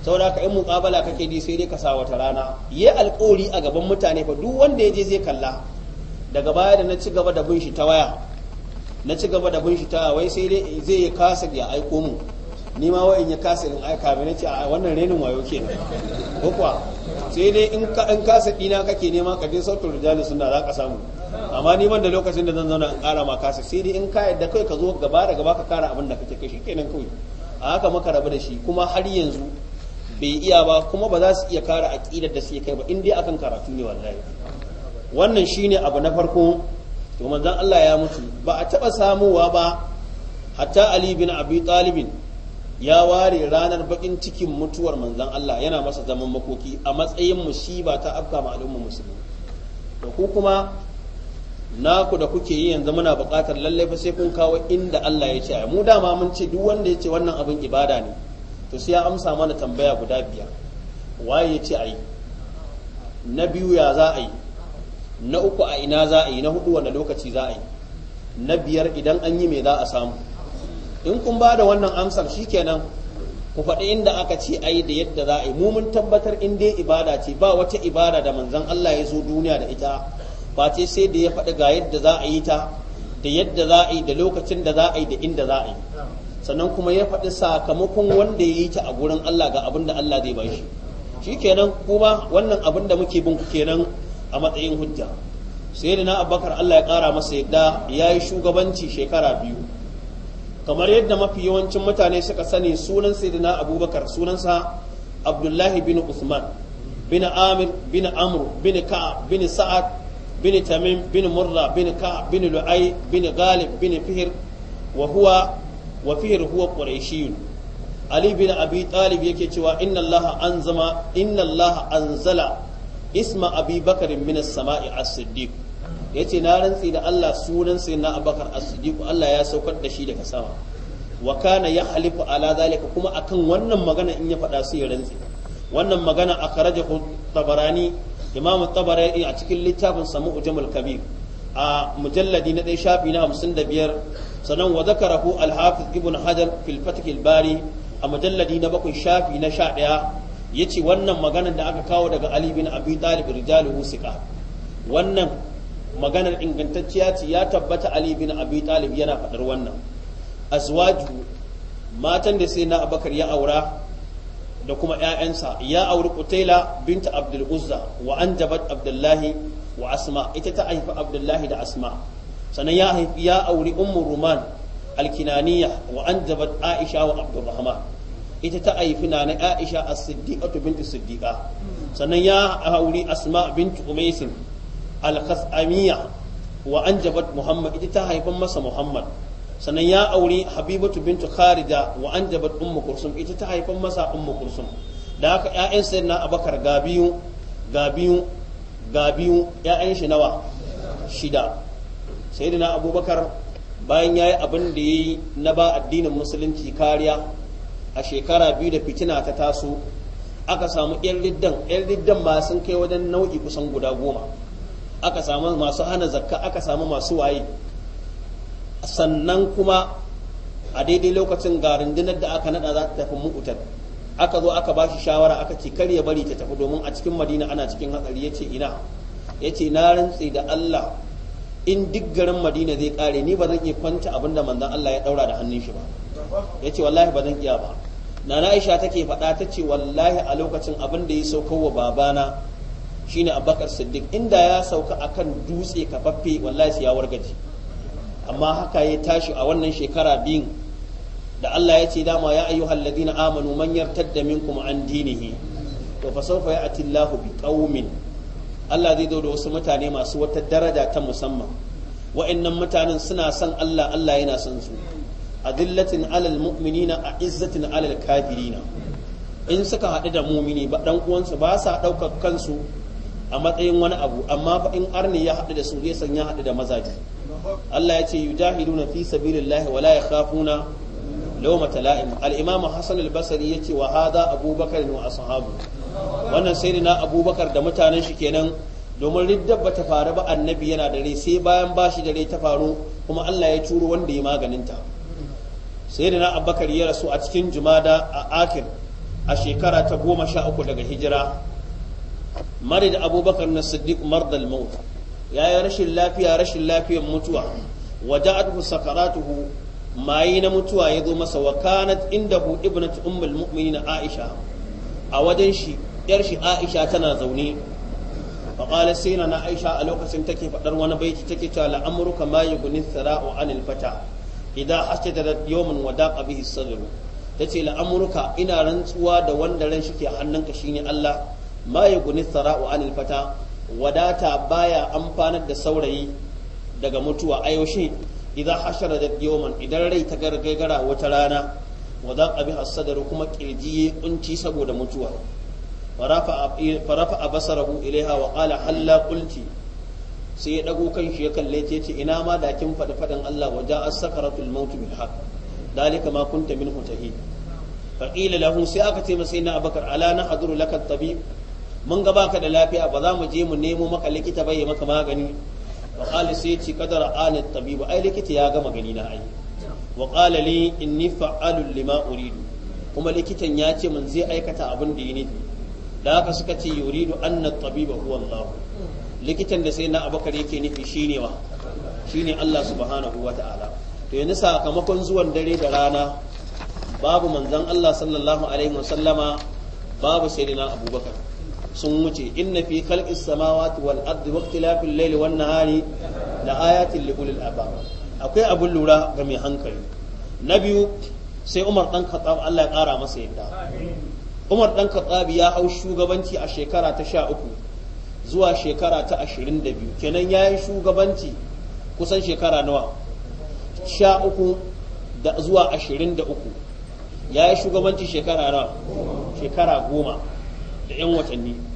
saboda ka in muƙabala kake ji sai dai ka sa wata rana yi alƙori a gaban mutane fa duk wanda ya je zai kalla daga baya da na ci gaba da bin shi ta waya na ci gaba da bin shi ta wai sai dai zai ya kasa ya aiko mu ni ma wa'in ya kasa in aika mai na ce a wannan renin wayo kenan ko kuwa sai dai in ka kasa dina kake nema ka je sautul rijali sunna za ka samu amma ni da lokacin da zan zauna kara ma kasa sai dai in ka yadda kai ka zo gaba da gaba ka kara abin da kake kai kenan kawai a haka maka rabu da shi kuma har yanzu bai iya ba kuma ba za su iya kara aqidar da suke kai ba in dai akan karatu ne wallahi wannan shine abu na farko to manzon Allah ya mutu ba a taba samuwa ba hatta Ali bin Abi Talibin ya ware ranar bakin cikin mutuwar manzan Allah yana masa zaman makoki a matsayin ba ta afka ma al'ummar musulmi da ku kuma naku da kuke yi yanzu muna buƙatar lallai fa sai kun kawo inda Allah ya ce mu dama mun ce duk wanda ya ce wannan abin ibada ne to sai ya amsa mana tambaya guda biyar waye ya ce ayi na biyu ya za a yi na uku a ina za a yi na hudu wanda lokaci za a yi na biyar idan an yi me za a samu in kun ba da wannan amsar kenan ku faɗi inda aka ce a yi da yadda za a yi mu mun tabbatar in dai ibada ce ba wata ibada da manzon Allah ya zo duniya da ita ba ce sai da ya faɗi ga yadda za a yi ta da yadda za a yi da lokacin da za a yi da inda za a yi sannan kuma ya faɗi sakamakon wanda ya yi ta a gurin Allah ga abin da Allah zai bashi kenan kuma wannan abin da muke bin ku kenan a matsayin hujja sai da na abubakar Allah ya ƙara masa yadda ya yi shugabanci shekara biyu kamar yadda mafi yawancin mutane suka sani sunan sayyidina abubakar sunansa abdullahi bin usman bin amir bin amr bin kaa bin sa'ad bin tamim bin murra bin ka'ab bin lu'ay bin galib bin fihr wa huwa wa fihr huwa qurayshiyun ali bin abi talib yake cewa inna allaha anzama inna allaha anzala isma abi bakarin min as-sama'i as-siddiq yace na rantsi da Allah sunan sai na Abubakar as Allah ya saukar da shi daga sama wa kana ya halifu ala zalika kuma akan wannan magana in ya faɗa su ya rantsi wannan magana akhrajahu Tabarani Imam Tabarani a cikin littafin Samu Ujamul Kabir a mujalladi na ɗaya shafi na hamsin da biyar sannan wa zakarahu alhafiz ibn hajar fil fatkil bari a mujalladi na bakwai shafi na sha ɗaya ya ce wannan maganar da aka kawo daga ali bin abi talib rijaluhu siqa wannan maganar ingantacciya ce ya tabbata ali bin abi talib yana faɗar wannan azwaju matan da sai na abakar ya aura da kuma 'ya'yansa ya auri kutaila binta abdul uzza wa anjabat abdullahi wa asma ita ta haifi abdullahi da asma sannan ya haifi ya auri ummu ruman alkinaniya wa anjabat aisha wa abdurrahman ita ta haifi na aisha as-siddiqatu bintu siddiqa sannan ya auri asma bintu umaisin al wa wa anjabat muhammad ita ta haifan masa muhammad sannan ya auri habibatu bintu kharija wa anjabat ummu kursum ita ta haifan masa ummu kursum da haka ƴaƴan sayyidina abakar ga biyu ga biyu ga biyu ƴaƴan shi nawa shida sayyidina abubakar bayan yayi abin da yayi na ba addinin musulunci kariya a shekara biyu da fitina ta taso aka samu 'yan riddan 'yan riddan ba sun kai wajen nau'i kusan guda goma aka samu masu hana zakka aka samu masu waye sannan kuma a daidai lokacin ga rundunar da aka nada za ta tafi mu'utar aka zo aka bashi shawara aka ce kar ya bari ta tafi domin a cikin madina ana cikin hatsari yace ina yace na rantsi da Allah in duk garin madina zai kare ni ba zan iya kwanta abinda manzon Allah ya daura da hannun shi ba yace wallahi ba zan iya ba nana Aisha take faɗa ta ce wallahi a lokacin abin da ya sauka wa babana shine abubakar siddiq inda ya sauka akan dutse kafaffe wallahi sai ya wargaje amma haka ya tashi a wannan shekara biyun da Allah ya ce dama ya ayyuhal ladina amanu man yartadda minkum an dinihi to fa sawfa ya'ti Allahu bi qaumin Allah zai zo da wasu mutane masu wata daraja ta musamman wa'annan mutanen suna son Allah Allah yana son su adillatin alal mu'minina a izzatin alal kafirina in suka haɗu da mumini ba dan uwansu ba sa ɗaukar kansu a matsayin wani abu amma fa in arni ya haɗu da su zai san ya haɗu da mazaji Allah ya ce yujahiduna fi sabilillahi wala yakhafuna kafuna. la'im al-imam Hassan al-Basri yace wa hadha Abubakar wa ashabu wannan sayyidina Abubakar da mutanen shi kenan domin riddar ba ta faru ba annabi yana da rai sai bayan bashi da rai ta faru kuma Allah ya turo wanda ya maganinta sayyidina Abubakar ya rasu a cikin Jumada a Akir a shekara ta goma sha uku daga hijira marid abubakar na siddiq mardal maut ya yi rashin lafiya rashin lafiyar mutuwa wada'atuhu sakaratuhu mayi na mutuwa ya zo masa wa kanat indahu ibnatu ummul mu'minin aisha a wajen shi yar shi aisha tana zaune faƙala sai na aisha a lokacin take faɗar wani baiti take cewa la'amruka ma yughni thara'u anil fata idan hasjada yawman wadaqa bihi sadru tace la'amruka ina rantsuwa da wanda ran shi ke hannunka shine Allah ma yakuni sara'u anil fata wadata baya amfanar da saurayi daga mutuwa a yaushe idan hashara da yawman idan rai ta gargagara wata rana wadda abi hasadar kuma kirji kunci saboda mutuwa farafa a basarahu ilaiha wa qala halla sai ya dago kan shi ya kalle ta ce ina ma da kin faɗi faɗin Allah wa ja'a sakaratul maut bil haqq dalika ma kunta minhu tahid fa qila lahu sai aka ce masa ina abakar ala na haduru laka tabib mun ga baka da lafiya ba za mu je mu nemo maka likita bai maka magani wa qala sai ce kadar ana tabibu ai likita ya gama gani na ai wa qala li inni fa'alu lima uridu kuma likitan ya ce mun zai aikata abin da yini da haka suka ce yuridu anna tabiba huwa Allah likitan da sai na abakar yake nufi shine wa shine Allah subhanahu wata'ala to yanzu sakamakon zuwan dare da rana babu manzon Allah sallallahu alaihi wasallama babu sayyidina Abubakar sun wuce inna fi khalqis samawati wal ardi wa ikhtilafil layli wan nahari la ayatin li ulil albab akwai abun lura ga mai hankali na biyu sai Umar dan Khattab Allah ya kara masa yadda Umar dan Khattab ya hau shugabanci a shekara ta 13 zuwa shekara ta 22 kenan yayi shugabanci kusan shekara nawa 13 da zuwa ashirin da uku ya yi shugabanci shekara nawa shekara goma da 'yan watanni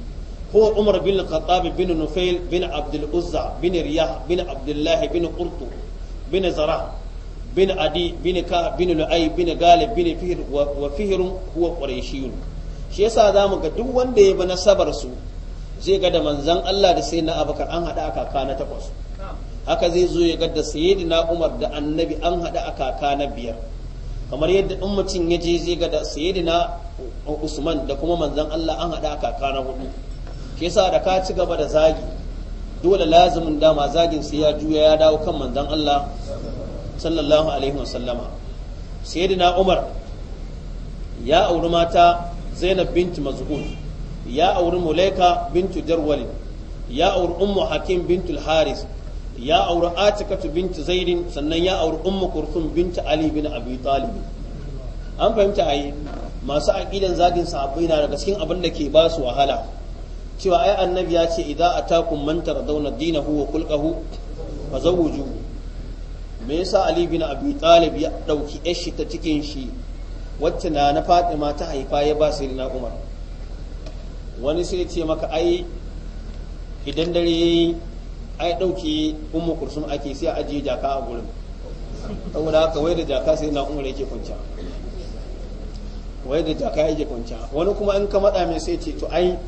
هو عمر بن الخطاب بن نفيل بن عبد العزى بن رياح بن عبد الله بن قرط بن زرع بن عدي بن كا بن لؤي بن غالب بن فهر وفهر هو قريشي شي يسا za mu ga duk wanda ya bi sabar su zai ga da manzan Allah da sayyidina Abubakar an hada a kaka na takwas haka zai zo ya ga da sayyidina Umar da Annabi an hada a kaka na biyar kamar yadda in yaje zai ga da sayyidina Usman da kuma manzan Allah an hada a kaka na hudu shi yasa da ka ci gaba da zagi dole lazimin dama zagin sai ya juya ya dawo kan manzon Allah sallallahu alaihi wasallama sayyidina Umar ya auri mata Zainab binti Maz'un ya auri Mulaika bintu Jarwalin ya auri Ummu Hakim bintul Haris ya auri Atikatu binti Zaidin sannan ya auri Ummu kurfin binti Ali bin Abi Talib an fahimta ayi masu aqidan zagin sahabbai na daga cikin abin da ke ba su wahala cewa ai annabi ya ce idan atakum man taradawna dinahu wa fa fazawuju me yasa ali bin abi talib ya dauki yashi ta cikin shi wacce na na fatima ta haifa ya ba sai na umar wani sai ce maka ai idan dare yayi ai dauki ummu kursum ake sai a ajiye jaka a gurin saboda haka wai da jaka sai na umar yake kwanciya wai da jaka yake kwanciya wani kuma in ka mada mai sai ce to ai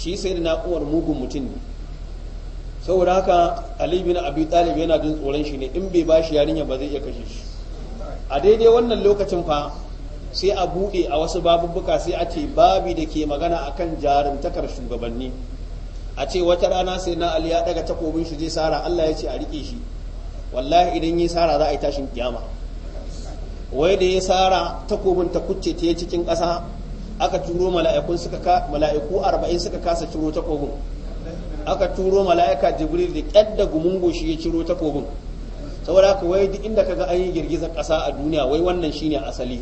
shi sai da na'uwar mugun mutum ne saboda haka ali na abi talib yana jin tsoron shi ne in bai ba shi yarinya ba zai iya kashe shi a daidai wannan lokacin fa sai a buɗe a wasu babubbuka sai a ce babi da ke magana akan jarumtakar shugabanni a ce wata rana sai na ali ya daga takobin shi zai sara Allah ya ce a rike shi wallahi idan yi sara za a yi tashin kiyama wai da ya sara takobin ta kucce ta cikin ƙasa aka turo mala'ikun suka mala'iku 40 suka kasa ciro kogin aka turo mala'ika jibril da kyadda gumungo shi ya ciro takobin saboda haka wai duk inda kaga an yi girgizar kasa a duniya wai wannan shine asali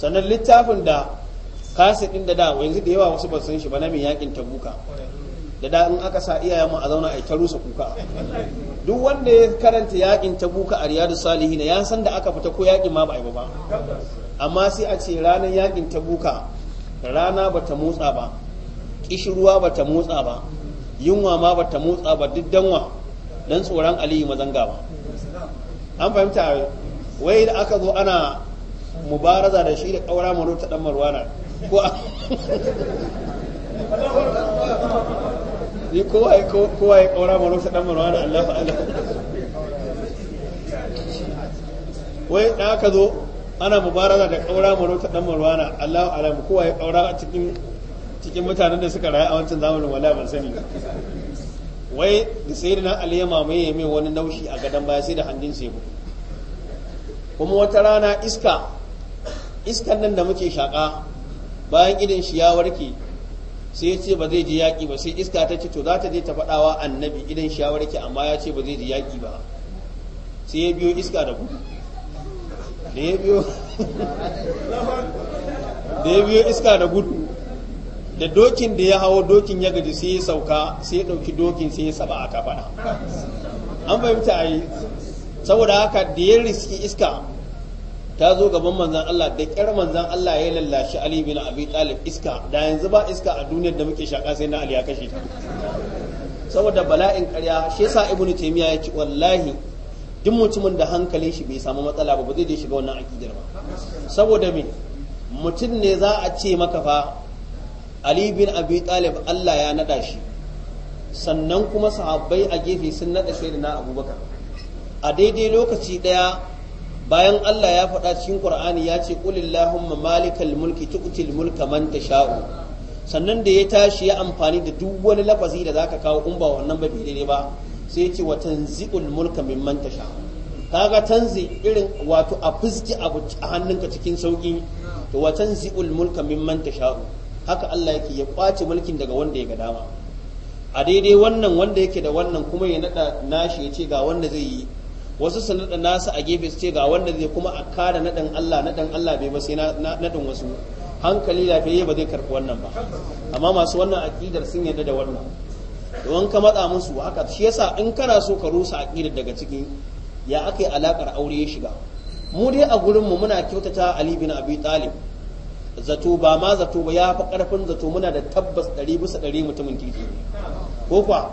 sannan littafin da kasa din da da yanzu da yawa wasu ba shi ba na mai yakin tabuka da da in aka sa iyayen mu a zauna a ta rusa kuka duk wanda ya karanta yakin tabuka a riyadu salihin ya san da aka fita ko yakin ma ba a yi ba amma sai a ce ranar yakin buka rana bata motsa ba ba bata motsa ba yunwa ma bata motsa ba duk danwa don tsoron aliyu mazanga ba an fahimta wai da aka zo ana mubaraza da shi da ƙaura maro ta ɗan marwana ko ni kowa ya kowa ya ƙaura maro ta dan marwana Allah fa Allah wai da aka zo ana mubaraza da kaura maro ta dan marwana Allahu alam kowa ya kaura a cikin cikin mutanen da suka rayu a wancan zamanin wala ban sani wai da sayyidina ali ya mamaye mai wani naushi a gadan baya sai da hangin sai kuma wata rana iska iskan nan da muke shaka bayan idan shi ya warke sai ya ce ba zai je yaƙi ba sai iska ta ce to za ta je ta faɗawa annabi idan shi ya warke amma ya ce ba zai je yaƙi ba sai ya biyo iska da kuma da ya biyo iska da gudu da dokin da ya hawo dokin ya gaji sai ya sauka sai ya ɗauki dokin sai ya saba a kafaɗa an fahimta a yi saboda haka da ya riski iska ta zo gaban manzan Allah da ƙyar manzan Allah ya lallashi Ali bin Abi Talib iska da yanzu ba iska a duniyar da muke shaka sai na Ali ya kashe ta saboda bala'in ƙarya shi yasa Ibn Taymiyyah ya ce wallahi duk mutumin da hankali shi bai samu matsala ba ba zai je shiga wannan akidar ba saboda me mutum ne za a ce maka fa Ali bin Abi Talib Allah ya nada shi sannan kuma sahabbai a gefe sun nada sai na Abubakar a daidai lokaci daya bayan Allah ya faɗa cikin Qur'ani ya ce qulillahumma malikal mulki tu'til mulka man tasha'u sannan da ya tashi ya amfani da duk wani lafazi da zaka kawo in ba wannan ba daidai ba sai ce wa tanzi'ul mulka manta tasha kaga tanzi irin wato a fuski abu a hannunka cikin sauki to wa tanzi'ul mulka mimman tasha haka Allah yake ya kwace mulkin daga wanda ya ga dama a daidai wannan wanda yake da wannan kuma ya nada nashi ya ce ga wanda zai yi wasu su nada nasu a gefe su ce ga wanda zai kuma a kara nadan Allah nadan Allah bai ba sai nadan wasu hankali lafiyayye ba zai karɓi wannan ba amma masu wannan aƙidar sun yarda da wannan don ka matsa musu haka shi yasa in kana so ka rusa aqidar daga ciki ya akai alakar aure ya shiga mu dai a gurin mu muna kyautata Ali bin Abi Talib zato ba ma zato ba ya fi karfin zato muna da tabbas 100 bisa 100 mutumin kirki ko kwa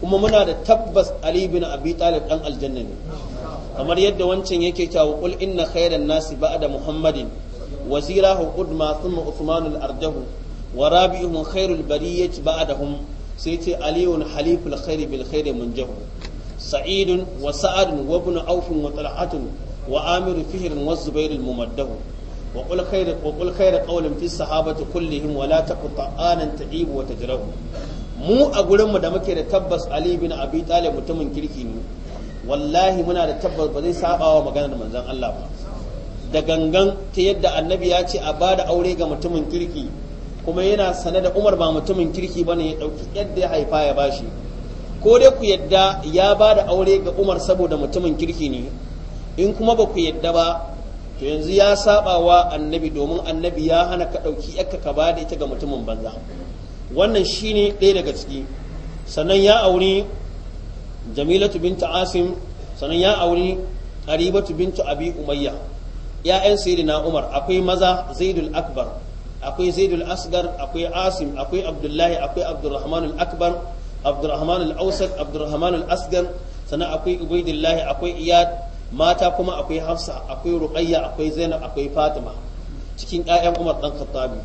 kuma muna da tabbas Ali bin Abi Talib dan aljanna ne kamar yadda wancan yake cewa qul inna khairan nasi ba'da Muhammadin wazirahu Udma thumma Uthman al-Arjahu wa rabi'uhum khairul bariyati ba'dahum sai ce aliyun haliful khairi bil khairi munjahu sa'idun wa sa'adun wa ibn auf wa talhatun wa amir fihr wa zubair al mumaddahu wa qul khairu wa qul khairu qawlan fi sahabati kullihim wa la taqta'anan ta'ibu wa tajrahu mu a gurinmu da muke da tabbas ali bin abi talib mutumin kirki ne wallahi muna da tabbas ba zai saba wa maganar manzon Allah ba da gangan ta yadda annabi ya ce a bada aure ga mutumin kirki kuma yana sane da Umar ba mutumin kirki bane ya dauki yadda ya haifa ya bashi ko dai ku yadda ya ba da aure ga Umar saboda mutumin kirki ne in kuma ba ku yadda ba to yanzu ya saba wa annabi domin annabi ya hana ka dauki yakka ka ba da ita ga mutumin banza wannan shine ɗaya daga ciki sannan ya auri Jamilatu binta Asim sannan ya auri Haribatu bintu Abi Umayya ya'yan Sayyidina Umar akwai maza Zaidul Akbar akwai zaidul asgar akwai asim akwai abdullahi akwai abdurrahman al-akbar abdurrahman al-ausat abdurrahman al-asgar sannan akwai ubaidillahi akwai iyad mata kuma akwai hafsa akwai ruqayya akwai zainab akwai fatima cikin ƴaƴan umar dan khattabi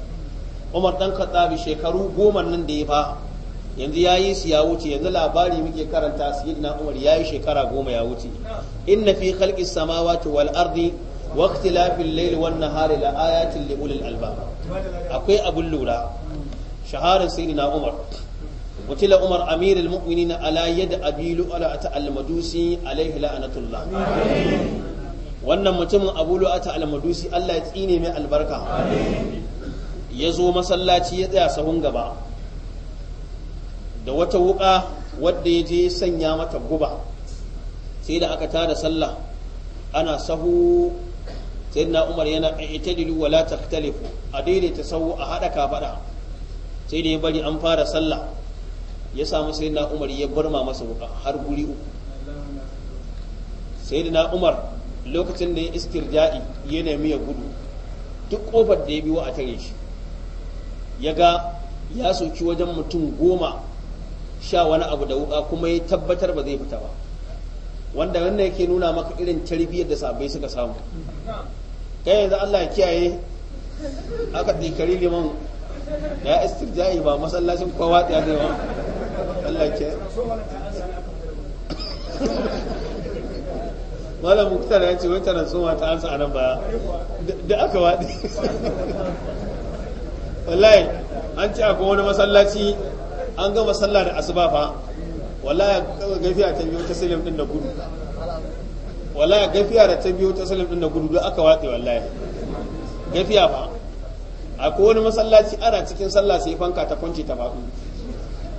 umar dan khattabi shekaru goma nan da ya fa yanzu ya yi su ya wuce yanzu labari muke karanta sayyidina umar ya yi shekara goma ya wuce inna fi khalqis samawati wal ardi wa ikhtilafil layli wan nahari la ayatin li ulil albab akwai abun lura shaharar sayyidina umar وكل عمر امير na على يد ابي لؤلؤه المدوسي عليه لعنه الله wannan mutumin abu lu'ata almadusi Allah ya tsine mai albarka ya zo masallaci ya tsaya sahun gaba da wata wuƙa wadda ya je sanya mata guba sai da aka tada sallah ana sahu sayyidina umar yana i'tadilu wa la takhtalifu a daidaita sahu a hada fada sai da ya bari an fara sallah ya samu sayyidina umar ya barma masa wuka har guri uku sayyidina umar lokacin da ya istirja'i ya nemi ya gudu duk kofar da ya biwa a tare shi ya ga ya soki wajen mutum goma sha wani abu da wuka kuma ya tabbatar ba zai fita ba wanda wannan yake nuna maka irin tarbiyyar da sabai suka samu kai yanzu Allah ya kiyaye aka dikari liman ya istirja'i ba masallacin kowa ya zai ba Allah ke malam muktar ya ce wata rantsuwa ta ansa a nan baya da aka waɗi wallahi an ci akwai wani masallaci an ga masalla da asuba fa wallahi gafiya ta biyo ta silim din da gudu wala gafiya da ta biyo ta salim din da gudu aka watse wallahi gafiya ba akwai wani masallaci ana cikin sallah sai fanka ta kwance ta faɗo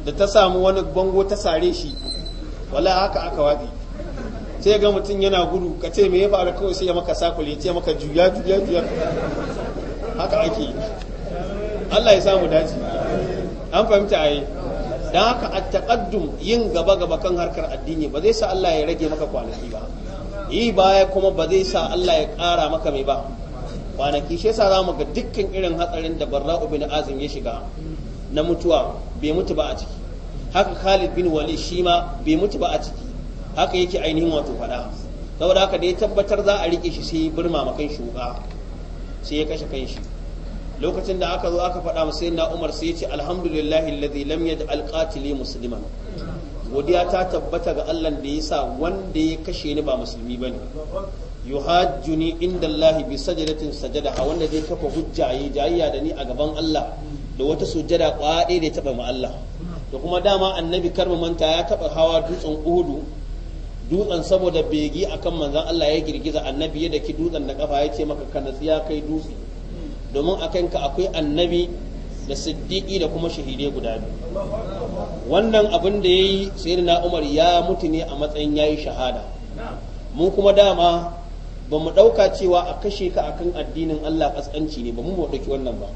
da ta samu wani bango ta sare shi wala haka aka watse sai ga mutum yana gudu ka ce me ya faru kawai sai ya maka sakule ya ce maka juya juya juya haka ake Allah ya samu dace an fahimta a yi dan haka a taƙaddum yin gaba gaba kan harkar addini ba zai sa Allah ya rage maka kwanaki ba yi baya kuma ba zai sa Allah ya ƙara maka mai ba kwanaki shi yasa za mu ga dukkan irin hatsarin da barra bin azim ya shiga na mutuwa bai mutu ba a ciki haka Khalid bin Wali shi ma bai mutu ba a ciki haka yake ainihin wato fada saboda haka da ya tabbatar za a rike shi sai ya birma makan shuka sai ya kashe kan shi lokacin da aka zo aka faɗa masa sayyidina Umar sai ya ce alhamdulillahi alladhi lam da qatili musliman godiya ta tabbata ga Allah da ya sa wanda ya kashe ni ba musulmi bane yuhajjuni inda Allah bi sajadatin sajada a wanda zai kafa hujja yi jayayya da ni a gaban Allah da wata sujada kwaɗe da ya taɓa ma Allah da kuma dama annabi karma manta ya taɓa hawa dutsen Uhudu dutsen saboda begi akan manzon Allah ya girgiza annabi ya daki dutsen da kafa ya ce maka ka ya kai dutse domin a kanka akwai annabi da siddiƙi da kuma shahidai guda biyu wannan abin da ya yi na umar ya mutu ne a matsayin ya yi shahada mu kuma dama ba mu ɗauka cewa a kashe ka akan addinin allah ƙasƙanci ne ba mu ba ɗauki wannan ba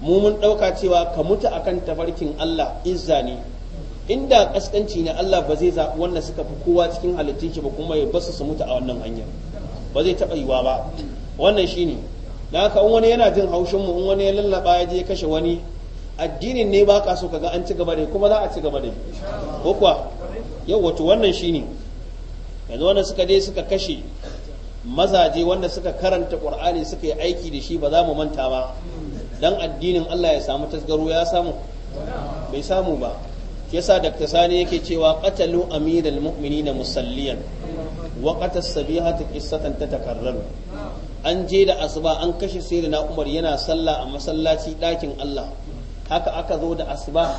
mu mun ɗauka cewa ka mutu akan tafarkin allah izza ne inda ƙasƙanci ne allah ba zai zaɓi wanda suka fi kowa cikin halittun shi ba kuma ya basu su mutu a wannan hanyar ba zai taɓa yiwa ba wannan shine da haka wani yana jin haushin mu in wani ya lallaba ya je kashe wani addinin ne ba ka so kaga an ci gaba da kuma za a ci gaba da ko kuwa yau wato wannan shine yanzu wanda suka je suka kashe mazaje wanda suka karanta qur'ani suka yi aiki da shi ba za mu manta ba dan addinin Allah ya samu tasgaro ya samu bai samu ba yasa Dr. Sani yake cewa qatalu amiral mu'minina musalliyan wa qatas sabihatu qissatan tatakarraru an je da asuba an kashe sai na umar yana sallah a masallaci ɗakin Allah haka aka zo da asuba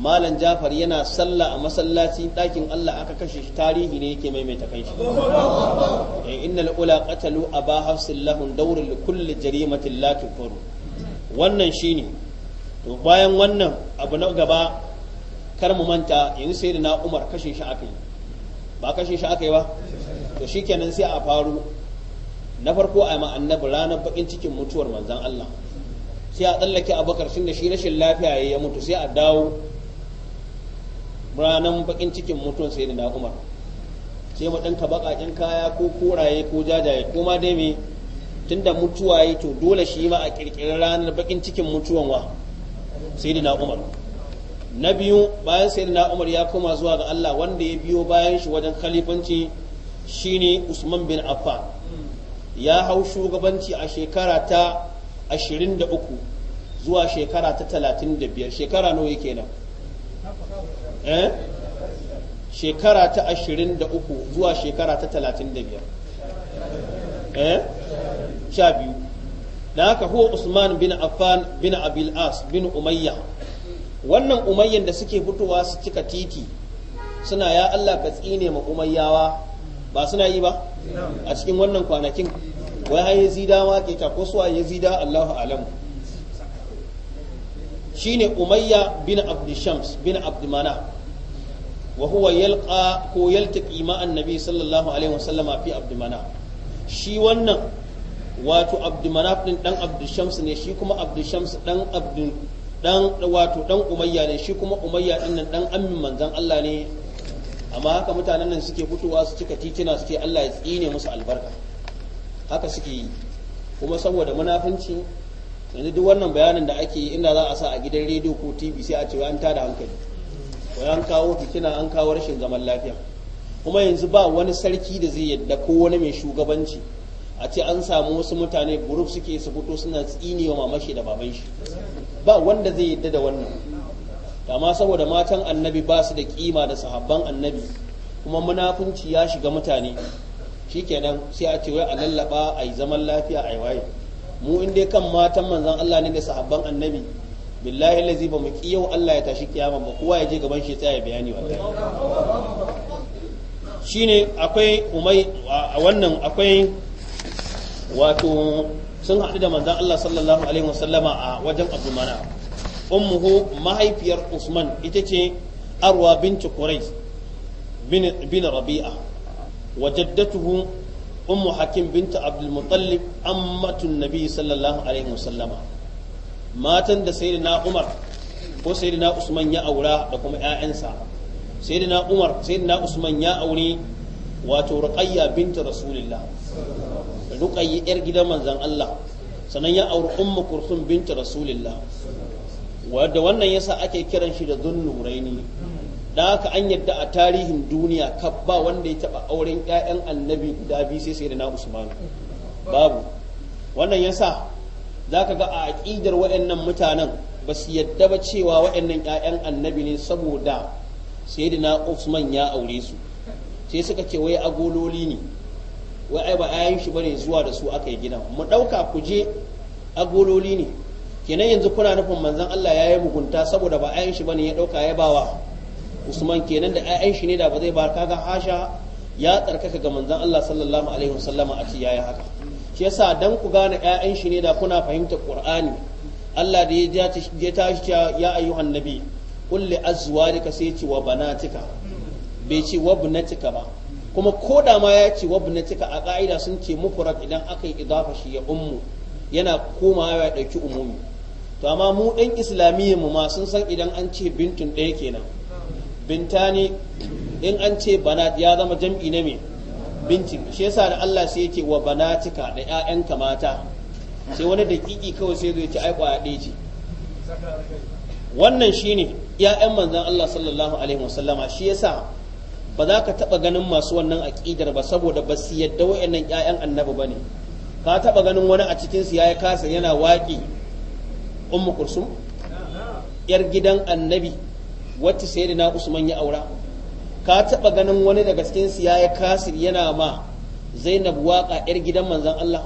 malam jafar yana sallah a masallaci ɗakin Allah aka kashe shi tarihi ne yake maimaita kanshi in eh, innal ula qatalu aba hafsin lahun dawrul kulli jarimatin la tufaru wannan shine to bayan wannan abu na gaba kar mu manta yanzu sai da na umar kashe shi aka yi ba kashe shi aka yi ba to shikenan sai a faru na farko a ma annabi ranar bakin cikin mutuwar manzon Allah sai a tsallake bakar tun da shi rashin lafiya ya mutu sai a dawo ranar bakin cikin mutuwar sai da umar sai mu ɗanka baƙaƙen kaya ko koraye ko jajaye ko ma dai me tun da mutuwa yi to dole shi ma a ƙirƙirar ranar bakin cikin mutuwan wa sai da umar na biyu bayan sai da umar ya koma zuwa ga allah wanda ya biyo bayan shi wajen khalifanci shine usman bin affan ya hau shugabanci a shekara ta 23 zuwa shekara ta 35 shekara nawa kenan eh shekara ta 23 zuwa shekara ta 35 eh sha biyu da haka huwa usman bin affan bin abil as bin umayya wannan umayyan da suke fitowa su cika titi suna ya allah ka tsine ma umayyawa ba suna yi ba a cikin wannan kwanakin wai har ma ke ta ko suwa yazida Allahu alamu shine umayya bin abd shams bin abd mana wa huwa yalqa ko yaltaqi ma annabi sallallahu alaihi wasallama fi abd mana shi wannan wato abd mana din dan abd shams ne shi kuma abd shams dan abd dan wato dan umayya ne shi kuma umayya din nan dan ammin manzon Allah ne amma haka mutanen nan suke fitowa su cika titina suke Allah ya tsine musu albarka haka suke yi kuma saboda munafunci yanzu duk wannan bayanin da ake yi inda za a sa a gidan rediyo ko tv sai a ce an tada hankali ko an kawo fitina an kawo rashin zaman lafiya kuma yanzu ba wani sarki da zai yadda ko wani mai shugabanci a ce an samu wasu mutane group suke su fito suna tsinewa mamashi da baban shi ba wanda zai yadda da wannan amma saboda matan annabi ba su da kima da sahabban annabi kuma munafunci ya shiga mutane shi shikenan sai a ce wai a lallaba a yi zaman lafiya a yi waye mu in dai kan matan manzon Allah ne da sahabban annabi billahi lazi ba mu yau Allah ya tashi kiyama ba kowa ya je gaban shi tsaya bayani shi shine akwai umai a wannan akwai wato sun haɗu da manzon Allah sallallahu alaihi wasallama a wajen Abdul Mana ummuhu mahaifiyar Usman ita ce Arwa binti Quraish bin Rabi'a wa jaddatuhu ummu hakim binta abdul muttalib ammatun nabi sallallahu alaihi wasallama matan da sayyidina umar ko sayyidina usman ya aura da kuma ƴaƴansa sayyidina umar sayyidina usman ya aure wato ruqayya binta rasulillah ruqayya yar gidan manzon Allah sannan ya aure ummu kurthum binta rasulillah wanda wannan yasa ake kiran shi da dhunnuraini da haka an yadda a tarihin duniya kaf ba wanda ya taba auren ƴaƴan annabi guda biyu sai sai da na usman babu wannan yasa zaka ga a aƙidar waɗannan mutanen ba su yadda ba cewa waɗannan ƴaƴan annabi ne saboda sai na usman ya aure su sai suka ce wai agololi ne wai ai ba ayan shi bane zuwa da su aka yi gina mu ɗauka ku je agololi ne kenan yanzu kuna nufin manzon Allah ya yi mugunta saboda ba ayan shi bane ya dauka ya bawa usman kenan da ƴaƴan shi ne da ba zai ba kaga hasha ya tsarkaka ga manzon Allah sallallahu alaihi wasallama a ci yayi haka shi yasa dan ku gane ƴaƴan shi ne da kuna fahimta qur'ani Allah da ya tashi ya ayyuhan nabi qul li azwajika sai ce wa banatika bai ci wa banatika ba kuma ko da ma ya ce wa banatika a ka'ida sun ce mufrad idan aka yi idafa shi ya ummu yana komawa ya dauki umumi to amma mu dan islamiyyar mu ma sun san idan an ce bintun ɗaya kenan bintani in an ce banat ya zama jam'i na me binti shi yasa da Allah sai yake wa banatika da ƴaƴanka mata sai wani daƙiƙi kawai sai zai ci ai kwaya ɗaya ce wannan shine ƴaƴan manzon Allah sallallahu alaihi wasallama shi yasa ba za ka taba ganin masu wannan aƙidar ba saboda ba su yadda wa'annan ƴaƴan annabi bane ka taɓa ganin wani a cikin su yayi kasa yana waƙi ummu kursum yar gidan annabi wacce na usman ya aura ka taba ganin wani daga cikin su yi kasir yana ma zainab waka yar gidan manzan Allah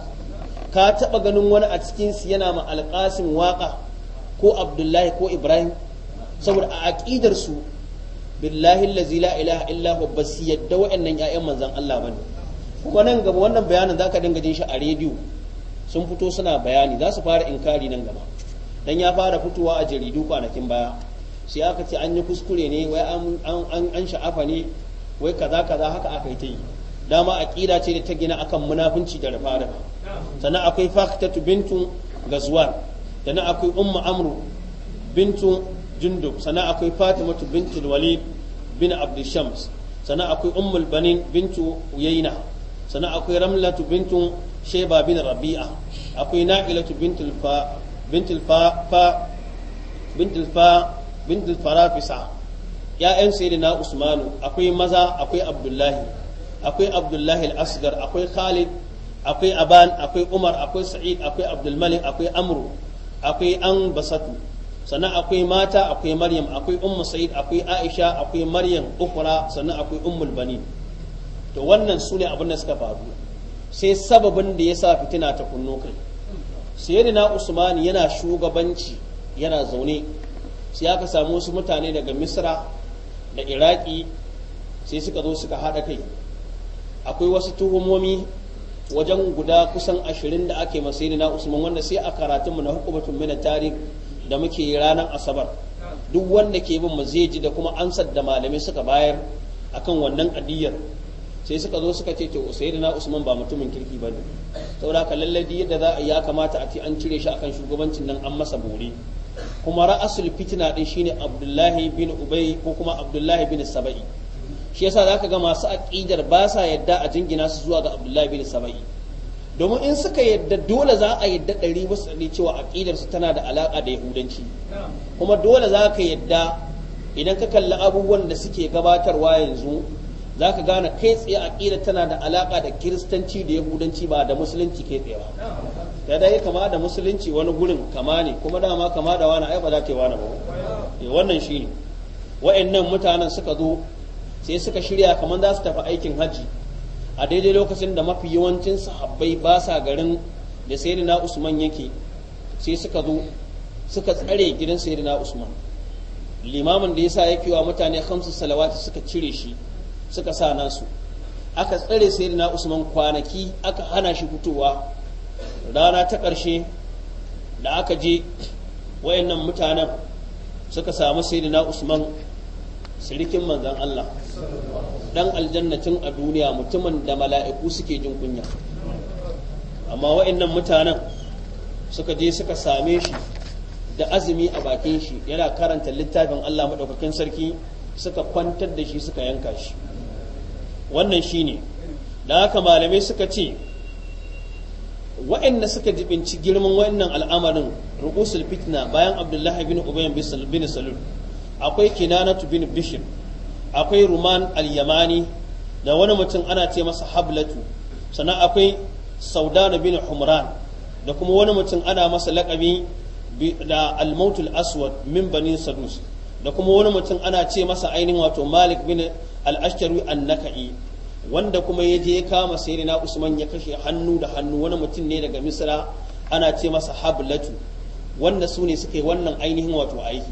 ka taba ganin wani a cikin yana ma alqasim waka ko abdullahi ko ibrahim saboda a aqidar su billahi allazi la ilaha illa ba bas yadda wa'annan ƴaƴan manzan Allah bane kuma nan gaba wannan bayanin zaka dinga jin shi a rediyo sun fito suna bayani za su fara inkari nan gaba dan ya fara fitowa a jaridu kwanakin baya sai aka ce an yi kuskure ne wai an sha'afa ne wai kaza kaza haka aka yi ta yi dama aqida ce da ta gina akan munafunci da rafa sannan akwai faktatu bintu gazuwan sannan akwai umma amru bintu jundub sannan akwai fatimatu bintu walid bin abdushams sannan akwai ummul banin bintu uyaina sannan akwai ramlatu bintu sheba bin rabi'a akwai na'ilatu bintul fa bintul fa bintul fa bint farafisa ya'yan na usmanu akwai maza akwai abdullahi akwai abdullahi al-asgar akwai khalid akwai aban akwai umar akwai sa'id akwai abdulmalik akwai amru akwai an basatu sannan akwai mata akwai maryam akwai ummu sa'id akwai aisha akwai maryam ukura sannan akwai ummul bani to wannan su ne abin da suka faru sai sababin da ya sa fitina ta kunno kai na usmanu yana shugabanci yana zaune sai aka samu wasu mutane daga misra da iraki sai suka zo suka haɗa kai akwai wasu tuhumomi wajen guda kusan ashirin da ake masiri na usman wanda sai a karatunmu na hukumatun mina tarihi da muke ranar asabar duk wanda ke bin mu zai ji da kuma ansar da malamai suka bayar akan wannan adiyar sai suka zo suka ce to na usman ba mutumin kirki ba saboda ka lallai yadda za a ya kamata a ce an cire shi akan shugabancin nan an masa bore kuma ra'asul fitina din shine abdullahi bin ubay ko kuma abdullahi bin saba'i shi yasa zaka ga masu aqidar ba sa yadda a jingina su zuwa ga abdullahi bin saba'i domin in suka yadda dole za a yadda ɗari wasu ɗari cewa aqidar su tana da alaka da yahudanci kuma dole za ka yadda idan ka kalli abubuwan da suke gabatarwa yanzu za ka gane kai tsaye a aƙida tana da alaƙa da kiristanci da yahudanci ba da musulunci kai tsaye ba ta dai kama da musulunci wani gurin kama ne kuma dama kama da wani ai ba za ta yi wani ba eh, wannan shi wa'in wa'annan mutanen suka zo sai suka shirya kamar za su tafi aikin hajji a daidai lokacin da mafi yawancin sahabbai ba sa garin da sayyidina usman yake sai suka zo suka tsare gidan sayyidina usman limamin da yasa yake wa mutane hamsin salawati suka cire shi suka sa nasu aka tsare sai na usman kwanaki aka hana shi fitowa rana ta ƙarshe da aka je wayannan mutanen suka samu sai na usman sirikin manzan Allah dan aljannatin a duniya mutumin da mala'iku suke jin kunya amma wayannan mutanen suka je suka same shi da azumi a bakin shi yana karanta littafin Allah maɗaukakin sarki suka kwantar da shi suka yanka shi wannan shi ne da haka malamai suka ce wa'in suka jibinci girman wannan al'amarin rukusul fitna bayan abdullahi bin ubayn bin salul akwai kinanatu bin bishir akwai ruman al-yamani da wani mutum ana ce masa hablatu sannan akwai saudana bin humran da kuma wani mutum ana masa laƙabi da almautul aswad min banin sadus da kuma wani mutum ana ce masa ainihin wato malik bin al an-naka'i wanda kuma ya je ya kama sayyidina usman ya kashe hannu da hannu wani mutum ne daga misra ana ce masa hablatu wanda su ne suke wannan ainihin wato aiki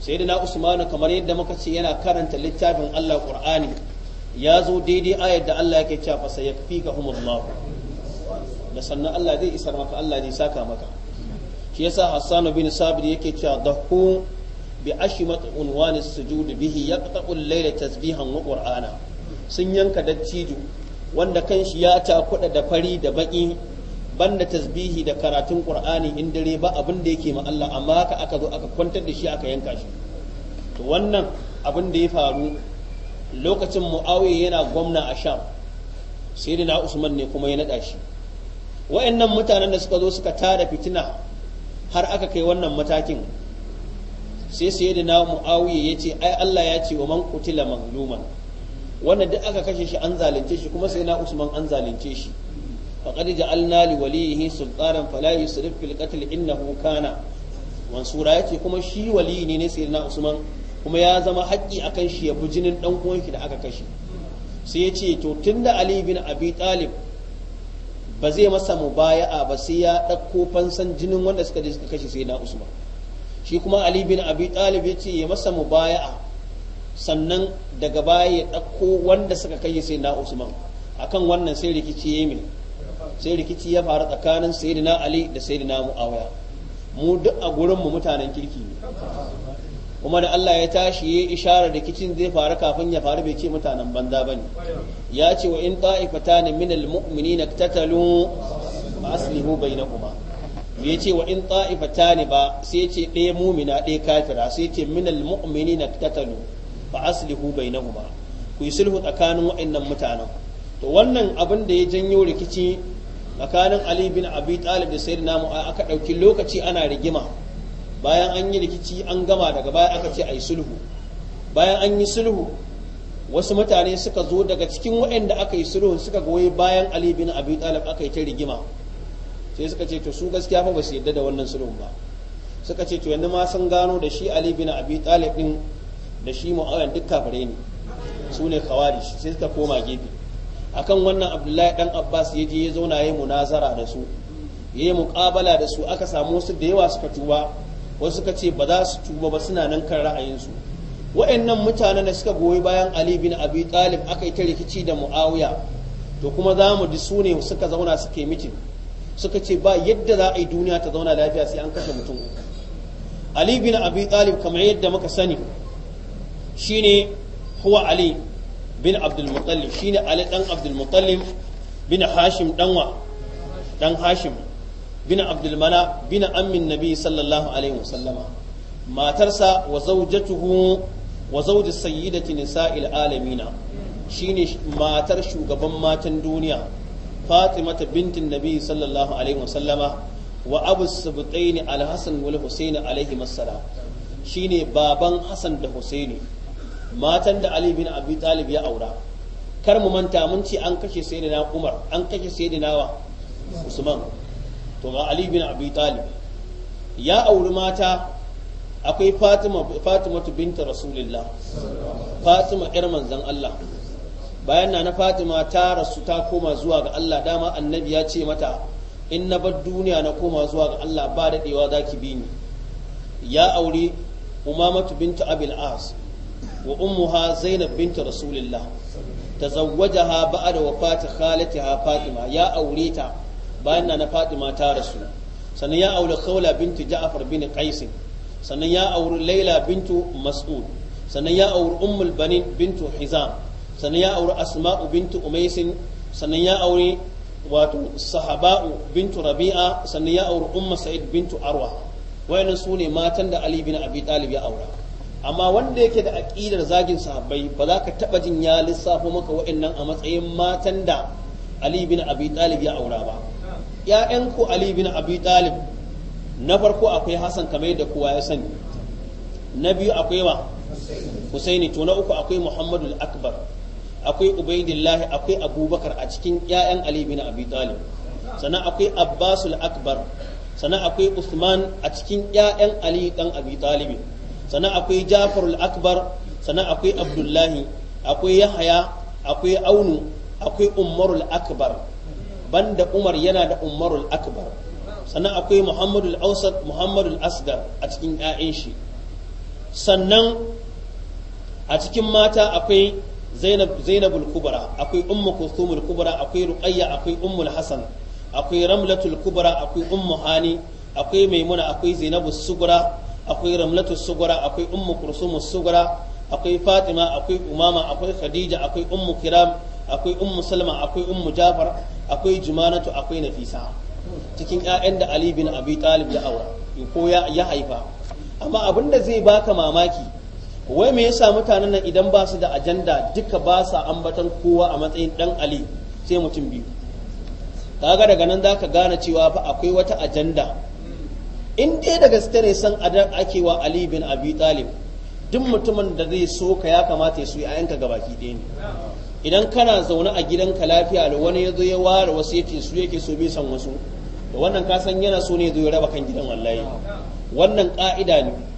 sayyidina usman kamar yadda muka ce yana karanta littafin Allah Qur'ani ya zo daidai ayar da Allah yake cewa fasayakfikahumullah da sannan Allah zai isar maka Allah zai saka maka shi yasa Hassan bin Sabir yake cewa dahu bi ashimat unwani sujud bihi ya al-layla tasbihan wa qur'ana sun yanka dattijo wanda kanshi ya takuda da fari da baki banda tasbihi da karatun qur'ani in dare ba abin da yake ma Allah amma haka aka zo aka kwantar da shi aka yanka shi to wannan abin da ya faru lokacin muawiya yana gwamna a sham sayyidina usman ne kuma ya naɗa shi wa'annan mutanen da suka zo suka tara fitina har aka kai wannan matakin sai sayyidina ya yace ai Allah ya ce wa man qutila mazluman wannan duk aka kashe shi an zalunce shi kuma sai na usman an zalunce shi faqad ja'alna li waliyihi sultanan fala yusrif fil qatl innahu kana mansura yace kuma shi waliyi ne ne na usman kuma ya zama haƙƙi akan shi ya bi jinin dan uwan shi da aka kashe sai yace to tunda ali bin abi talib ba zai masa mubaya'a ba sai ya ɗauko fansan jinin wanda suka kashe sai kashe sayyidina usman shi kuma ali bin abi talib ya ce ya masa mubaya'a sannan daga baya ya ɗauko wanda suka kai sai na usman akan wannan sai rikici ya mai sai rikici ya faru tsakanin sayyidina ali da sayyidina muawiya mu duk a mu mutanen kirki ne kuma da Allah ya tashi ya isharar rikicin zai faru kafin ya faru bai ce mutanen banza bane ya ce wa in ta'ifatan min al-mu'minina tatalu aslihu bainakuma ya ce wa in ne ba sai ce ɗaya mumina ɗaya kafira sai ce minal na tatalu bai aslihu bainahuma ku yi sulhu tsakanin waɗannan mutanen to wannan abin da ya janyo rikici tsakanin Ali bin Abi Talib da Sayyidina namu aka ɗauki lokaci ana rigima bayan an yi rikici an gama daga baya aka ce ayi sulhu bayan an yi sulhu wasu mutane suka zo daga cikin waɗanda aka yi sulhu suka goyi bayan Ali bin Abi Talib aka yi ta rigima sai suka ce to su gaskiya fa ba su yadda da wannan sulhun ba suka ce to yanzu ma sun gano da shi Ali bin Abi Talib din da shi Muawiyah duk kafare ne su ne khawarij sai suka koma gefe akan wannan Abdullahi dan Abbas ya je ya zauna yayi munazara da su yayi muqabala da su aka samu su da yawa suka tuba wasu suka ce ba za su tuba ba suna nan kan ra'ayinsu wa'annan mutanen da suka goyi bayan Ali bin Abi Talib aka yi ta rikici da Muawiya to kuma za mu ji su ne suka zauna suke mitin suka ce ba yadda za a yi duniya ta zauna lafiya sai an kashe mutum ali bin abi talib kamar yadda muka sani shine huwa ali bin abdul muttalib shine ali dan abdul muttalib bin hashim danwa dan hashim bin abdul mana bin ammin nabi sallallahu alaihi wasallama matarsa wa zawjatuhu wa zawjus sayyidati nisa'il alamina shine matar shugaban matan duniya fatimata bintin nabi sallallahu alaihi wasallama wa abu sabtain al-hasan wal husain alaihi assalam shine baban hasan da husaini matan da ali bin abi talib ya aura kar mu manta mun ce an kashe sayyidina umar an kashe sayyidina wa usman to ga ali bin abi talib ya auri mata akwai fatima fatimatu binta rasulillah fatima yar manzon allah bayan na na fatima ta rasu ta koma zuwa ga Allah dama annabi ya ce mata in na bar duniya na koma zuwa ga Allah ba daɗewa za ki bi ni ya aure umamatu bintu abil as wa ummuha zainab bintu rasulillah tazawwajaha ba'da wafati khalatiha fatima ya aure ta bayan na na fatima ta rasu sannan ya aure khawla bintu ja'far bin qais sannan ya aure laila bintu mas'ud sannan ya aure ummul banin bintu hizam sannan ya auri asma'u bintu umaisin sannan ya auri wato sahaba'u bintu rabi'a sannan ya auri umma sa'id bintu arwa wayannan su ne matan da ali bin abi talib ya aura amma wanda yake da aƙidar zagin sahabbai ba za ka taɓa jin ya lissafo maka waɗannan a matsayin matan da Ali bin Abi Talib ya aura ba ‘ya'yan ku Ali bin Abi Talib na farko akwai hasan kamar yadda kowa ya sani na biyu akwai wa Husaini to na uku akwai Muhammadu Akbar akwai ubaidillahi akwai abubakar a cikin 'ya'yan ali bin abi talib sannan akwai abbasul akbar sannan akwai usman a cikin 'ya'yan ali dan abi talib sannan akwai jafarul akbar sannan akwai abdullahi akwai yahaya akwai aunu akwai umarul akbar banda umar yana da umarul akbar sannan akwai muhammadul Ausar muhammadul asgar a cikin 'ya'yan shi sannan a cikin mata akwai zainab akwai ummu kulthumul kubra akwai ruqayya akwai ummul hasan akwai ramlatul kubra akwai ummu hani akwai maimuna akwai Zainabu sugura akwai ramlatus sugura akwai ummu kursumus sugura akwai fatima akwai umama akwai khadija akwai ummu kiram akwai ummu salma akwai ummu jafar akwai jumanatu akwai nafisa cikin 'ya'yan da ali bin abi talib ya aura ya haifa amma abin da zai baka mamaki wai me yasa mutanen nan idan ba su da ajanda duka ba sa ambatan kowa a matsayin dan ali sai mutum biyu kaga daga nan zaka gane cewa fa akwai wata ajanda in dai da gaske ne san adar ake wa ali bin abi talib duk mutumin da zai so ka ya kamata ya so yanka gabaki ɗaya ne idan kana zaune a gidanka lafiya da wani ya zo ya ware wasu yace su yake so bai san wasu da wannan san yana so ne zo ya raba kan gidan wallahi wannan ka'ida ne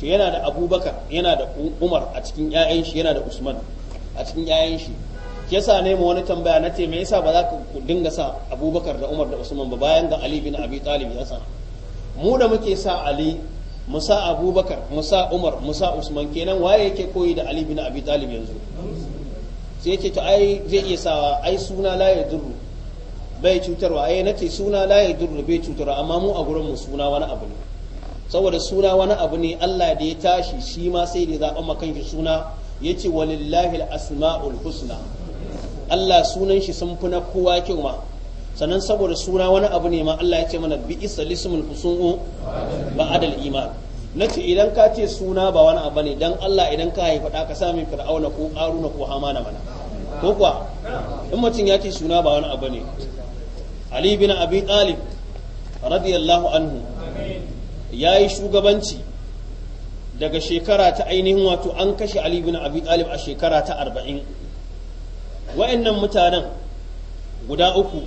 to yana da abubakar yana da umar a cikin 'ya'yan shi yana da usman a cikin 'ya'yan shi sa ne mu wani tambaya na ce me yasa ba za ka dinga sa abubakar da umar da usman ba bayan ga ali bin abi talib ya sa mu da muke sa ali mu sa abubakar mu sa umar mu sa usman kenan waye yake koyi da ali bin abi talib yanzu sai yake to ai zai iya sawa ai suna la ya duru bai cutarwa ai nace suna la ya duru bai cutarwa amma mu a gurin mu suna wani abu ne saboda suna wani abu ne Allah da ya tashi shi ma sai da zaɓa makan shi suna ya ce walillahi asma'ul husna Allah sunan shi sun fi na kowa kyau ma sannan saboda suna wani abu ne ma Allah ya ce mana bi isa lismul husnu ba adal iman ce idan ka ce suna ba wani abu ne dan Allah idan ka haifa ɗaka ka sa mai fir'auna ko ƙaruna ko hamana mana ko kuwa in mutum ya ce suna ba wani abu ne Ali bin Abi Talib radiyallahu anhu ya yi shugabanci daga shekara ta ainihin wato an kashe Ali bin Abi Talib a shekara ta arba'in wa'annan mutanen guda uku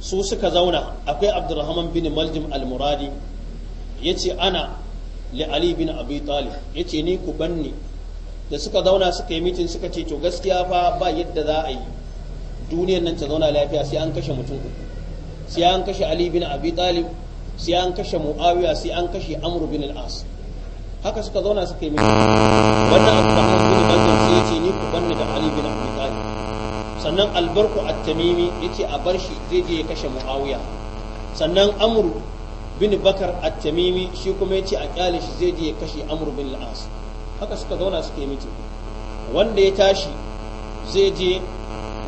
su suka zauna akwai Abdurrahman bin Maljim al-Muradi ce ana li Ali bin Abi Talib ce ni ku banni da suka zauna suka yi mitin suka ce to gaskiya fa ba yadda za a yi duniyar nan ta zauna lafiya sai an kashe mutum uku sai an kashe Ali bin Abi Talib sai an kashe muawiya sai an kashe amr bin al-as haka suka zauna suka yi mai wannan abdurrahman bin bakr sai ce ni ku banni da ali bin abi talib sannan albarku at-tamimi yace a bar shi zai je ya kashe muawiya sannan amr bin bakar at-tamimi shi kuma yace a kyale shi zai je ya kashe amr bin al-as haka suka zauna suka yi miki wanda ya tashi zai je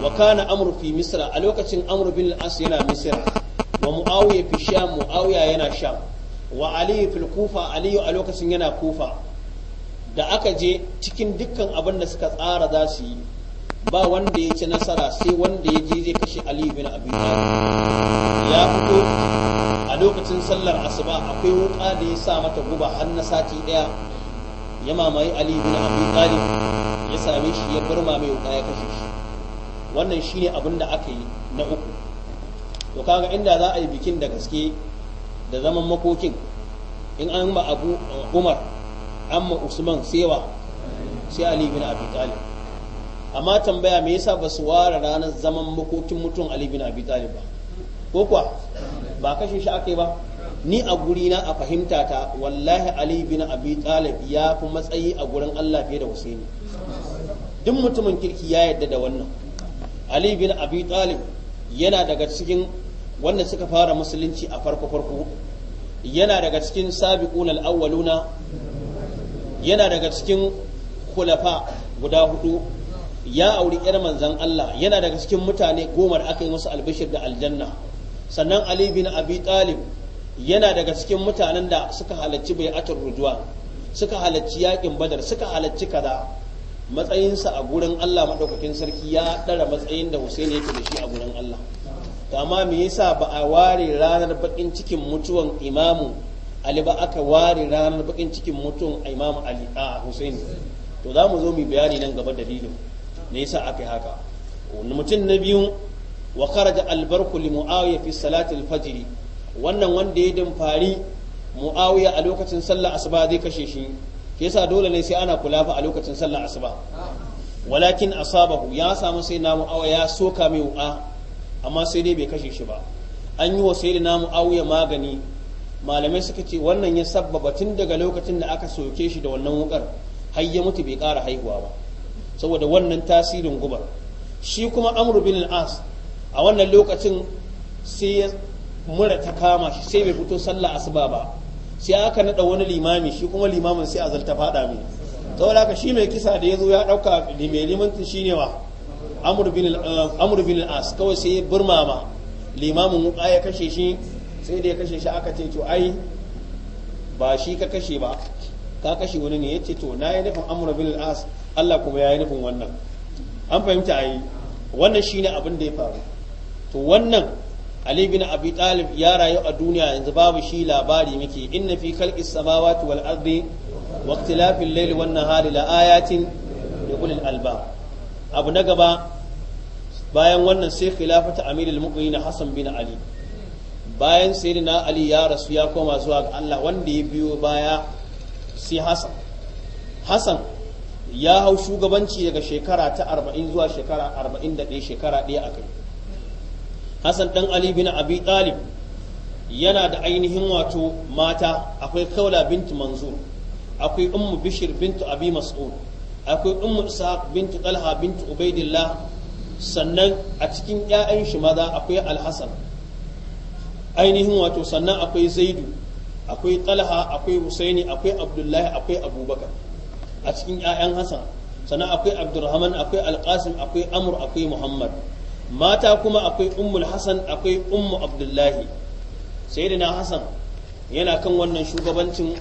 wa kana amr fi misra a lokacin amr bin al-as yana misra wa muawiya fi sham muawiya yana sham wa ali filkufa kufa ali a lokacin yana kufa da aka je cikin dukkan abin da suka tsara za su yi ba wanda ya ci nasara sai wanda ya je zai kashe ali bin abi ya fito a lokacin sallar asuba akwai wuka da ya sa mata guba har na sati daya ya mamaye ali bin abi talib ya same shi ya burma mai wuka ya kashe shi wannan shine abin da aka yi na uku to kaga inda za a yi bikin da gaske da zaman makokin in an ba abu umar an ma usman sewa sai ali bin abi talib amma tambaya me yasa ba su ware ranar zaman makokin mutum ali bin abi talib ba ko kuwa ba kashe shi aka ba ni a gurina a fahimta ta wallahi ali bin abi talib ya fi matsayi a gurin allah fiye da husaini duk mutumin kirki ya yadda da wannan ali bin abi talib yana daga cikin Wannan suka fara musulunci a farko farko yana daga cikin sabiqun al-awwaluna yana daga cikin kulafa guda hudu ya auri yar manzan Allah yana daga cikin mutane goma da aka yi musu albishir da aljanna sannan Ali bin Abi Talib yana daga cikin mutanen da suka halarci bai'atul rujuwa suka halarci yakin badar suka halarci kaza matsayinsa a gurin Allah madaukakin sarki ya dara matsayin da Hussein yake da shi a gurin Allah to amma me yasa ba a ware ranar bakin cikin mutuwan imamu ali ba aka ware ranar bakin cikin mutuwan imamu ali a husaini to za mu zo mu bayani nan gaba dalilin me yasa aka yi haka mutum na biyu wa kharaja albarku li muawiya fi salati alfajr wannan wanda ya dimfari muawiya a lokacin sallar asuba zai kashe shi ke yasa dole ne sai ana kula fa a lokacin sallar asuba walakin asabahu ya samu sai na muawiya ya soka mai wu'a amma sai dai bai kashe shi ba an yi wa mu auya magani malamai suka ce wannan ya sabbaba tun daga lokacin da aka soke shi da wannan wukar har ya mutu bai ƙara haihuwa ba saboda wannan tasirin gubar shi kuma amru bin as a wannan lokacin sai ya mura ta kama shi sai bai fito sallah asuba ba sai aka nada wani limami shi kuma limamin sai azal ta fada mai saboda haka shi mai kisa da ya zo ya dauka da mai limantin shine wa amur bin eh, as kawai sai burma ma limamin wuka ya kashe shi sai da ya kashe shi aka ce to ai ba shi ka kashe ba ka kashe wani ne ya ce to na yi nufin amur bin as Allah kuma ya yi nufin wannan an fahimta ai wannan shi ne abin da ya faru to wannan Ali bin Abi Talib ya rayu a duniya yanzu babu shi labari muke inna fi khalqis samawati wal ardi wa ikhtilafil layli wan nahari la ayatin li ulil albab abu na gaba bayan wannan sai khilafata amirul mu'minin Hassan bin Ali bayan na Ali ya rasu ya koma zuwa ga Allah wanda ya biyo baya sai Hassan Hassan ya hau shugabanci daga shekara ta 40 zuwa shekara 41 shekara ɗaya a kai. Hassan dan Ali bin Abi Talib yana da ainihin wato mata akwai Kaula Bintu Manzur akwai Ummu Bishir Bintu Abi Mas'ud akwai Ummu Ishaq Bintu Talha Bintu Ubaidillah sannan a cikin 'ya'yan shi maza akwai alhassan ainihin wato sannan akwai zaidu akwai talha akwai husaini akwai abdullahi akwai abubakar a cikin 'ya'yan hassan sannan akwai abdurrahman akwai alkasim akwai amur akwai muhammad mata kuma akwai ummul hassan akwai ummu abdullahi sayyidina hassan yana kan wannan shugabancin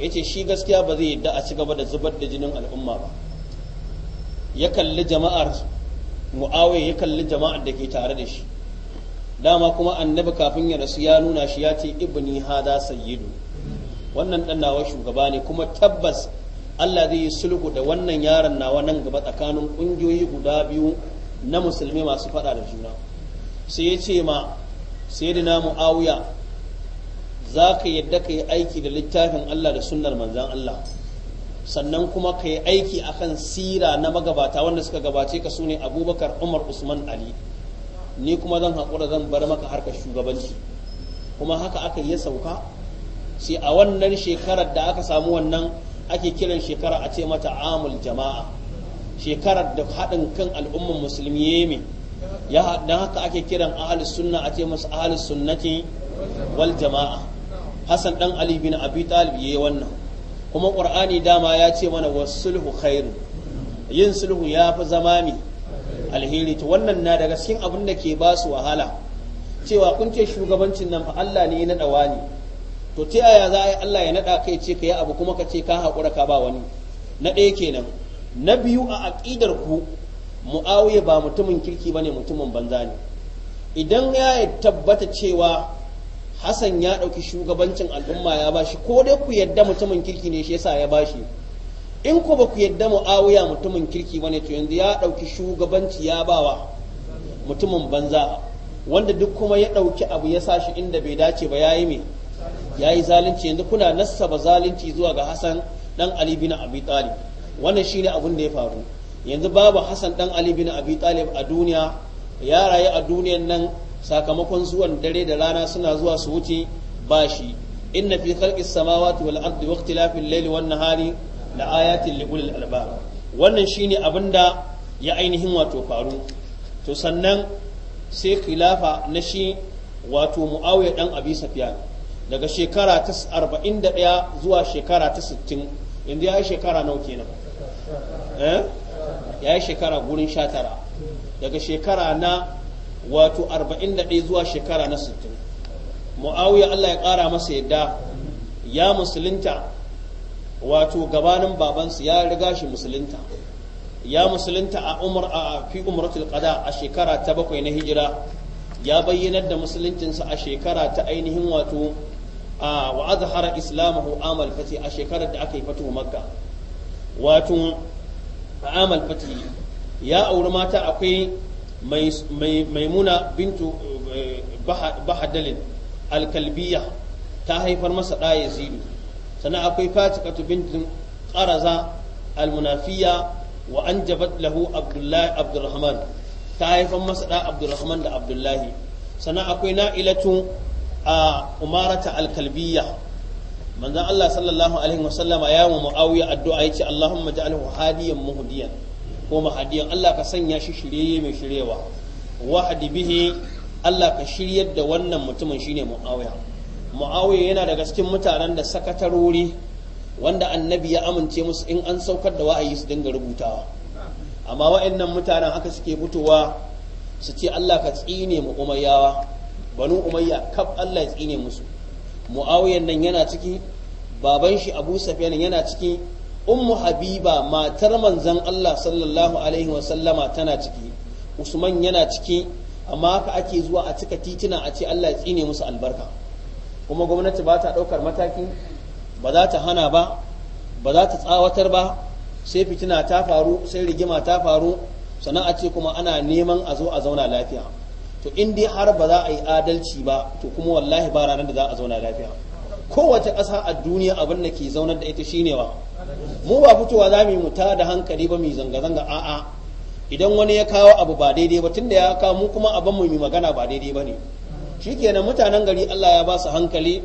ya ce shi gaskiya ba zai yadda a ci gaba da zubar da jinin al'umma ba ya kalli jama'ar muawiya ya kalli jama'ar da ke tare da shi dama kuma annabi kafin ya rasu ya nuna shi ya ce ibni hada sayyidu wannan dan nawa shugaba ne kuma tabbas Allah zai yi sulhu da wannan yaron nawa nan gaba tsakanin kungiyoyi guda biyu na musulmi masu fada da juna sai ya ce ma sayyidina muawiya za ka yadda ka yi aiki da littafin Allah da sunnar manzon Allah sannan kuma ka yi aiki akan sira na magabata wanda suka gabace ka su ne abubakar umar usman ali ni kuma zan haƙura zan bar maka harka shugabanci kuma haka aka yi sauka sai a wannan shekarar da aka samu wannan ake kiran shekara a ce mata amul jama'a shekarar da haɗin kan al'ummar musulmi yemi ya dan haka ake kiran ahlus sunna a ce musu ahlus sunnati wal jama'a hasan dan ali bin abi talib yayi wannan kuma qur'ani dama ya ce mana sulhu khairu yin sulhu ya fi zama mi alheri ta wannan na daga cikin abin da ke ba su wahala cewa kun ce shugabancin nan fa Allah ne ya wa wani to ta yaya za a yi Allah ya naɗa kai ce ka yi abu kuma ka ce ka haƙura ka ba wani na ɗaya kenan na biyu a aƙidar ku mu'awiya ba mutumin kirki ba ne mutumin banza ne idan ya tabbata cewa Hassan ya ɗauki shugabancin al'umma ya bashi ko dai ku yadda mutumin kirki ne shi yasa ya bashi in ko ba ku yadda mu'awiya mutumin kirki bane to yanzu ya dauki shugabanci ya bawa mutumin banza wanda duk kuma ya ɗauki abu ya sa shi inda bai dace ba yayi me yayi zalunci yanzu kuna nassaba zalunci zuwa ga Hassan dan Ali bin Abi Talib wannan shine abun da ya faru yanzu babu Hassan dan Ali bin Abi Talib a duniya ya rayu a duniyan nan sakamakon zuwan dare da rana suna zuwa su wuce ba shi inna fi khalqis samawati wal ardi wa ikhtilafil layli wan nahari la ayatin li ulil albab wannan shine abinda ya ainihin wato faru to sannan sai khilafa na shi wato muawiya dan abi sufyan daga shekara ta 41 zuwa shekara ta 60 inda ya yi shekara nawa kenan eh ya yi shekara gurin 19 daga shekara na wato 41 zuwa shekara na 60 muawiya Allah ya ƙara masa yadda ya musulunta wato gabanin babansu ya riga shi musulunta ya musulunta a umar a fi umratul qada a shekara ta bakwai na hijira ya bayyanar da musuluncinsa a shekara ta ainihin wato a wa azhara islamahu amal fati a shekarar da aka yi fatu makka wato amal fati ya auri mata akwai maimuna bintu eh, bahadalin alkalbiya ta haifar masa ɗa yazidu sannan akwai fatikatu bintin ƙaraza almunafiya wa an jabat lahu abdullahi abdurrahman ta haifar masa ɗa abdurrahman da abdullahi sannan akwai na'ilatu a umarata alkalbiya manzon Allah sallallahu alaihi wasallama ya mu muawiya addu'a yace Allahumma ja'alhu hadiyan muhdiyan ko mahadiyan Allah ka sanya shi shirye mai shiryewa wahadi bihi Allah ka shiryar da wannan mutumin shine Muawiya Muawiya yana daga cikin mutanen da sakatarori wanda annabi ya amince musu in an saukar da wa'ayi su dinga rubutawa amma wa'annan mutanen haka suke fitowa su ce Allah ka tsine mu umayyawa banu umayya kaf Allah ya tsine musu muawiyan nan yana ciki baban shi Abu Sufyan yana ciki ummu habiba matar manzon Allah sallallahu alaihi wasallama tana ciki usman yana ciki amma haka ake zuwa a cika titina a ce Allah ya tsine musu albarka kuma gwamnati ba ta ɗaukar mataki ba za ta hana ba ba za ta tsawatar ba sai fitina ta faru sai rigima ta faru sannan a ce kuma ana neman a zo a zauna lafiya to in dai har ba za a yi adalci ba to kuma wallahi ba ranar da za a zauna lafiya kowace ƙasa a duniya abin da ke zaunar da ita shine wa mu ba fitowa za mu yi muta da hankali ba mu zanga-zanga a'a idan wani ya kawo abu ba daidai ba tunda ya kawo mu kuma abin mu mai magana ba daidai ba ne shikenan mutanen gari Allah ya ba su hankali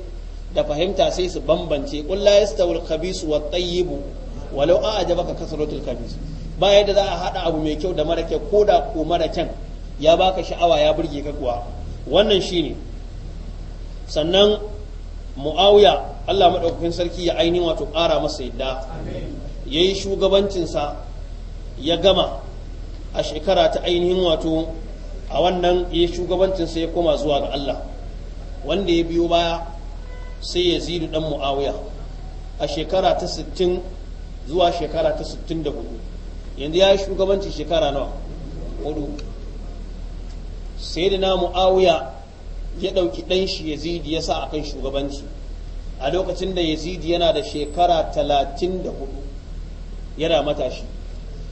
da fahimta sai su bambance qul la yastawil khabisu wat tayyibu walau a'jabaka kasratul khabis ba yadda za a hada abu mai kyau da mara kyau ko da ko mara kyan ya baka sha'awa ya burge ka kuwa wannan shine sannan muawiya Allah maɗaukakin sarki ya ainihin wato ƙara masa yadda ya yi shugabancinsa ya gama a shekara ta ainihin wato a wannan ya yi shugabancinsa ya koma zuwa ga Allah wanda ya biyo baya sai ya zidu ɗan mu'awiya a shekara ta 60 zuwa shekara ta 64 yanzu ya yi shugabancin shekara nawa hudu sai da na mu'awiya ya ɗauki ɗan shi ya zidi ya sa a kan shugabanci a lokacin da yazidi yana da shekara talatin da hudu yana matashi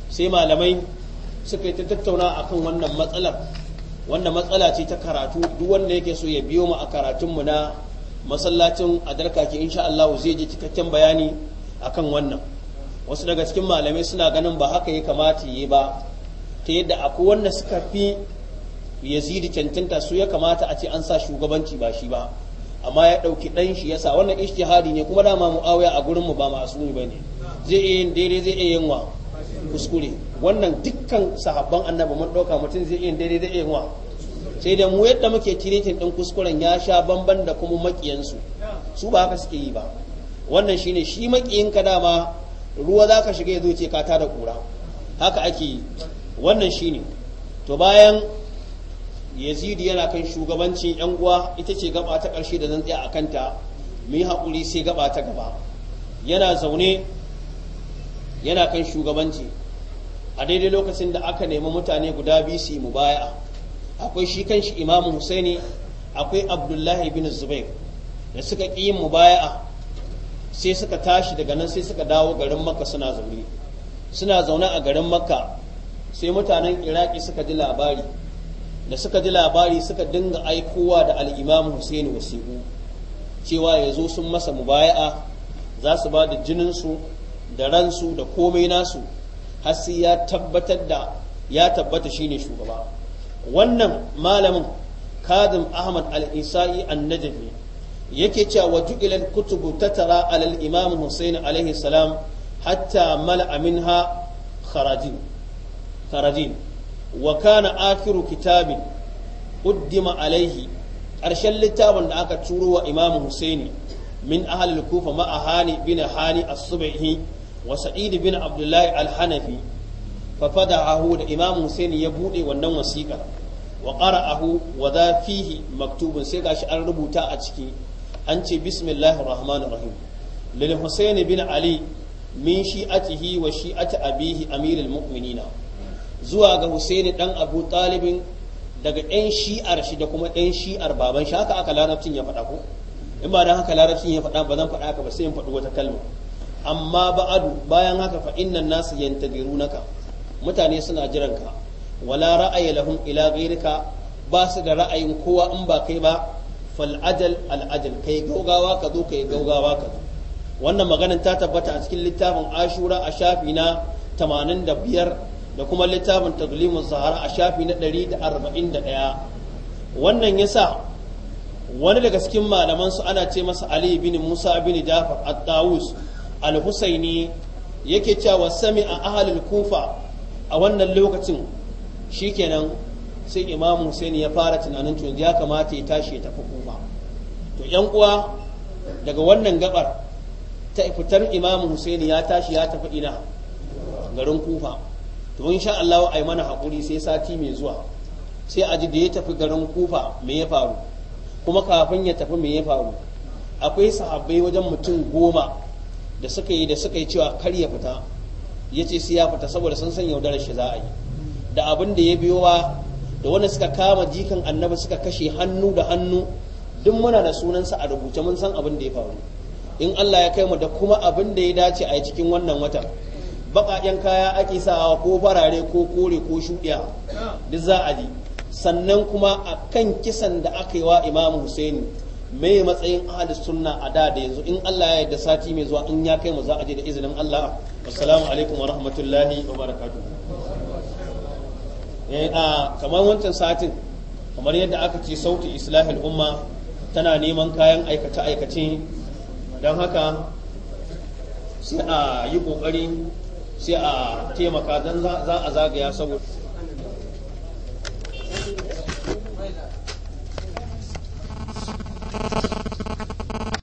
sai malamai suka yi tattauna akan wannan matsalar wannan matsala ce ta karatu duk wanda yake so ya biyo mu a karatunmu na masallacin adarka ke insha Allah zai ji cikakken bayani akan wannan wasu daga cikin malamai suna ganin ba haka ya kamata yi ba ta yadda akwai wanda suka fi yazidi cancanta su ya kamata a ce an sa shugabanci ba shi ba amma ya ɗauki ɗan shi yasa wannan hadi ne kuma dama mu'awiya a gurinmu ba ma'asumi ba ne zai iya yin daidai zai iya yin wa kuskure wannan dukkan sahabban annabi mun ɗauka mutum zai iya yin daidai zai iya yin wa sai da mu yadda muke tiritin ɗin kuskuren ya sha bamban da kuma maƙiyansu su ba haka suke yi ba wannan shine shi ka dama ruwa za ka shiga ya zo ce ka tada ƙura haka ake yi wannan shine to bayan yazidi yana kan shugabancin yan uwa ita ce gaba ta ƙarshe da zan tsaya a kanta mu yi haƙuri sai gaba ta gaba yana zaune yana kan shugabanci a daidai lokacin da aka nemi mutane guda biyu su yi mu baya akwai shi kanshi imamu husaini akwai abdullahi bin zubair da suka ƙi yin baya sai suka tashi daga nan sai suka dawo garin makka suna zaune suna zaune a garin makka sai mutanen iraki suka ji labari da suka ji labari suka dinga aikowa da alimam Hussein wasiƙu cewa ya zo sun masa mubaya'a za su ba da jininsu da ransu da komai nasu har ya tabbatar da ya tabbata shine shugaba wannan malamin kadim ahmad al-isa'i an-najmi yake cewa wa ju'ilal kutubu tatara alal imam Hussein alaihi salam hatta mala minha kharajin kharajin wa kana akiru kitabin uddima alaihi ƙarshen littafin da aka turo wa imamu husaini min ahalil kufa ma'a hani bin hani as-subhi wa sa'id bin abdullahi alhanafi hanafi fa da imamu husaini ya bude wannan wasiƙar wa qara'ahu wa da fihi maktubun sai gashi an rubuta a ciki an ce bismillahir rahmanir rahim lil husaini bin ali min shi'atihi wa shi'ati abihi amirul mu'minina zuwa ga Husaini dan Abu Talibin daga ɗan shi'ar shi da kuma ɗan shi'ar baban shi haka aka larabcin ya faɗa ko in ba dan haka larabcin ya faɗa ba zan faɗa ka ba sai in faɗi wata kalma amma ba'adu bayan haka fa innan nasu yantadirunaka mutane suna jiran ka wala ra'ayi lahum ila ghayrika ba su da ra'ayin kowa in ba kai ba fal ajal al ajal kai gaugawa ka zo kai gaugawa ka zo wannan maganar ta tabbata a cikin littafin ashura a shafi na 85 da kuma littafin taglimin sahara a shafi na 141 wannan ya sa wani daga cikin malaman su ana ce masa Ali bin Musa bin Jafar al tawus al-Husaini yake cewa sami a ahalin kufa a wannan lokacin shi shikenan sai Imam husaini ya fara tunanin tunji ya kamata ya tashi ya tafi kufa to yan uwa daga wannan gabar ta fitar Imam husaini ya tashi ya tafi ina garin kufa to in sha Allah ai mana hakuri sai sati mai zuwa sai a ji da ya tafi garin kufa me ya faru kuma kafin ya tafi me ya faru akwai sahabbai wajen mutum goma da suka yi da suka yi cewa kar ya fita ya ce sai ya fita saboda sun san yaudarar shi za a yi da abin da ya biyo wa da wanda suka kama jikan annabi suka kashe hannu da hannu duk muna da sunansa a rubuce mun san abin da ya faru in Allah ya kai mu da kuma abin da ya dace a cikin wannan watan baƙaƙen kaya ake sawa ko farare ko kore ko shuɗiya duk za a ji sannan kuma a kan kisan da aka yi wa imamu husaini mai matsayin ahalis sunna a da da yanzu in Allah ya yarda sati mai zuwa in ya kai mu za a je da izinin Allah assalamu alaikum wa rahmatullahi wa barakatuh eh, kamar wancan satin kamar yadda aka ce sauti islahil umma tana neman kayan aikace-aikace don haka sai a yi ƙoƙari sai a taimaka don za a zagaya saboda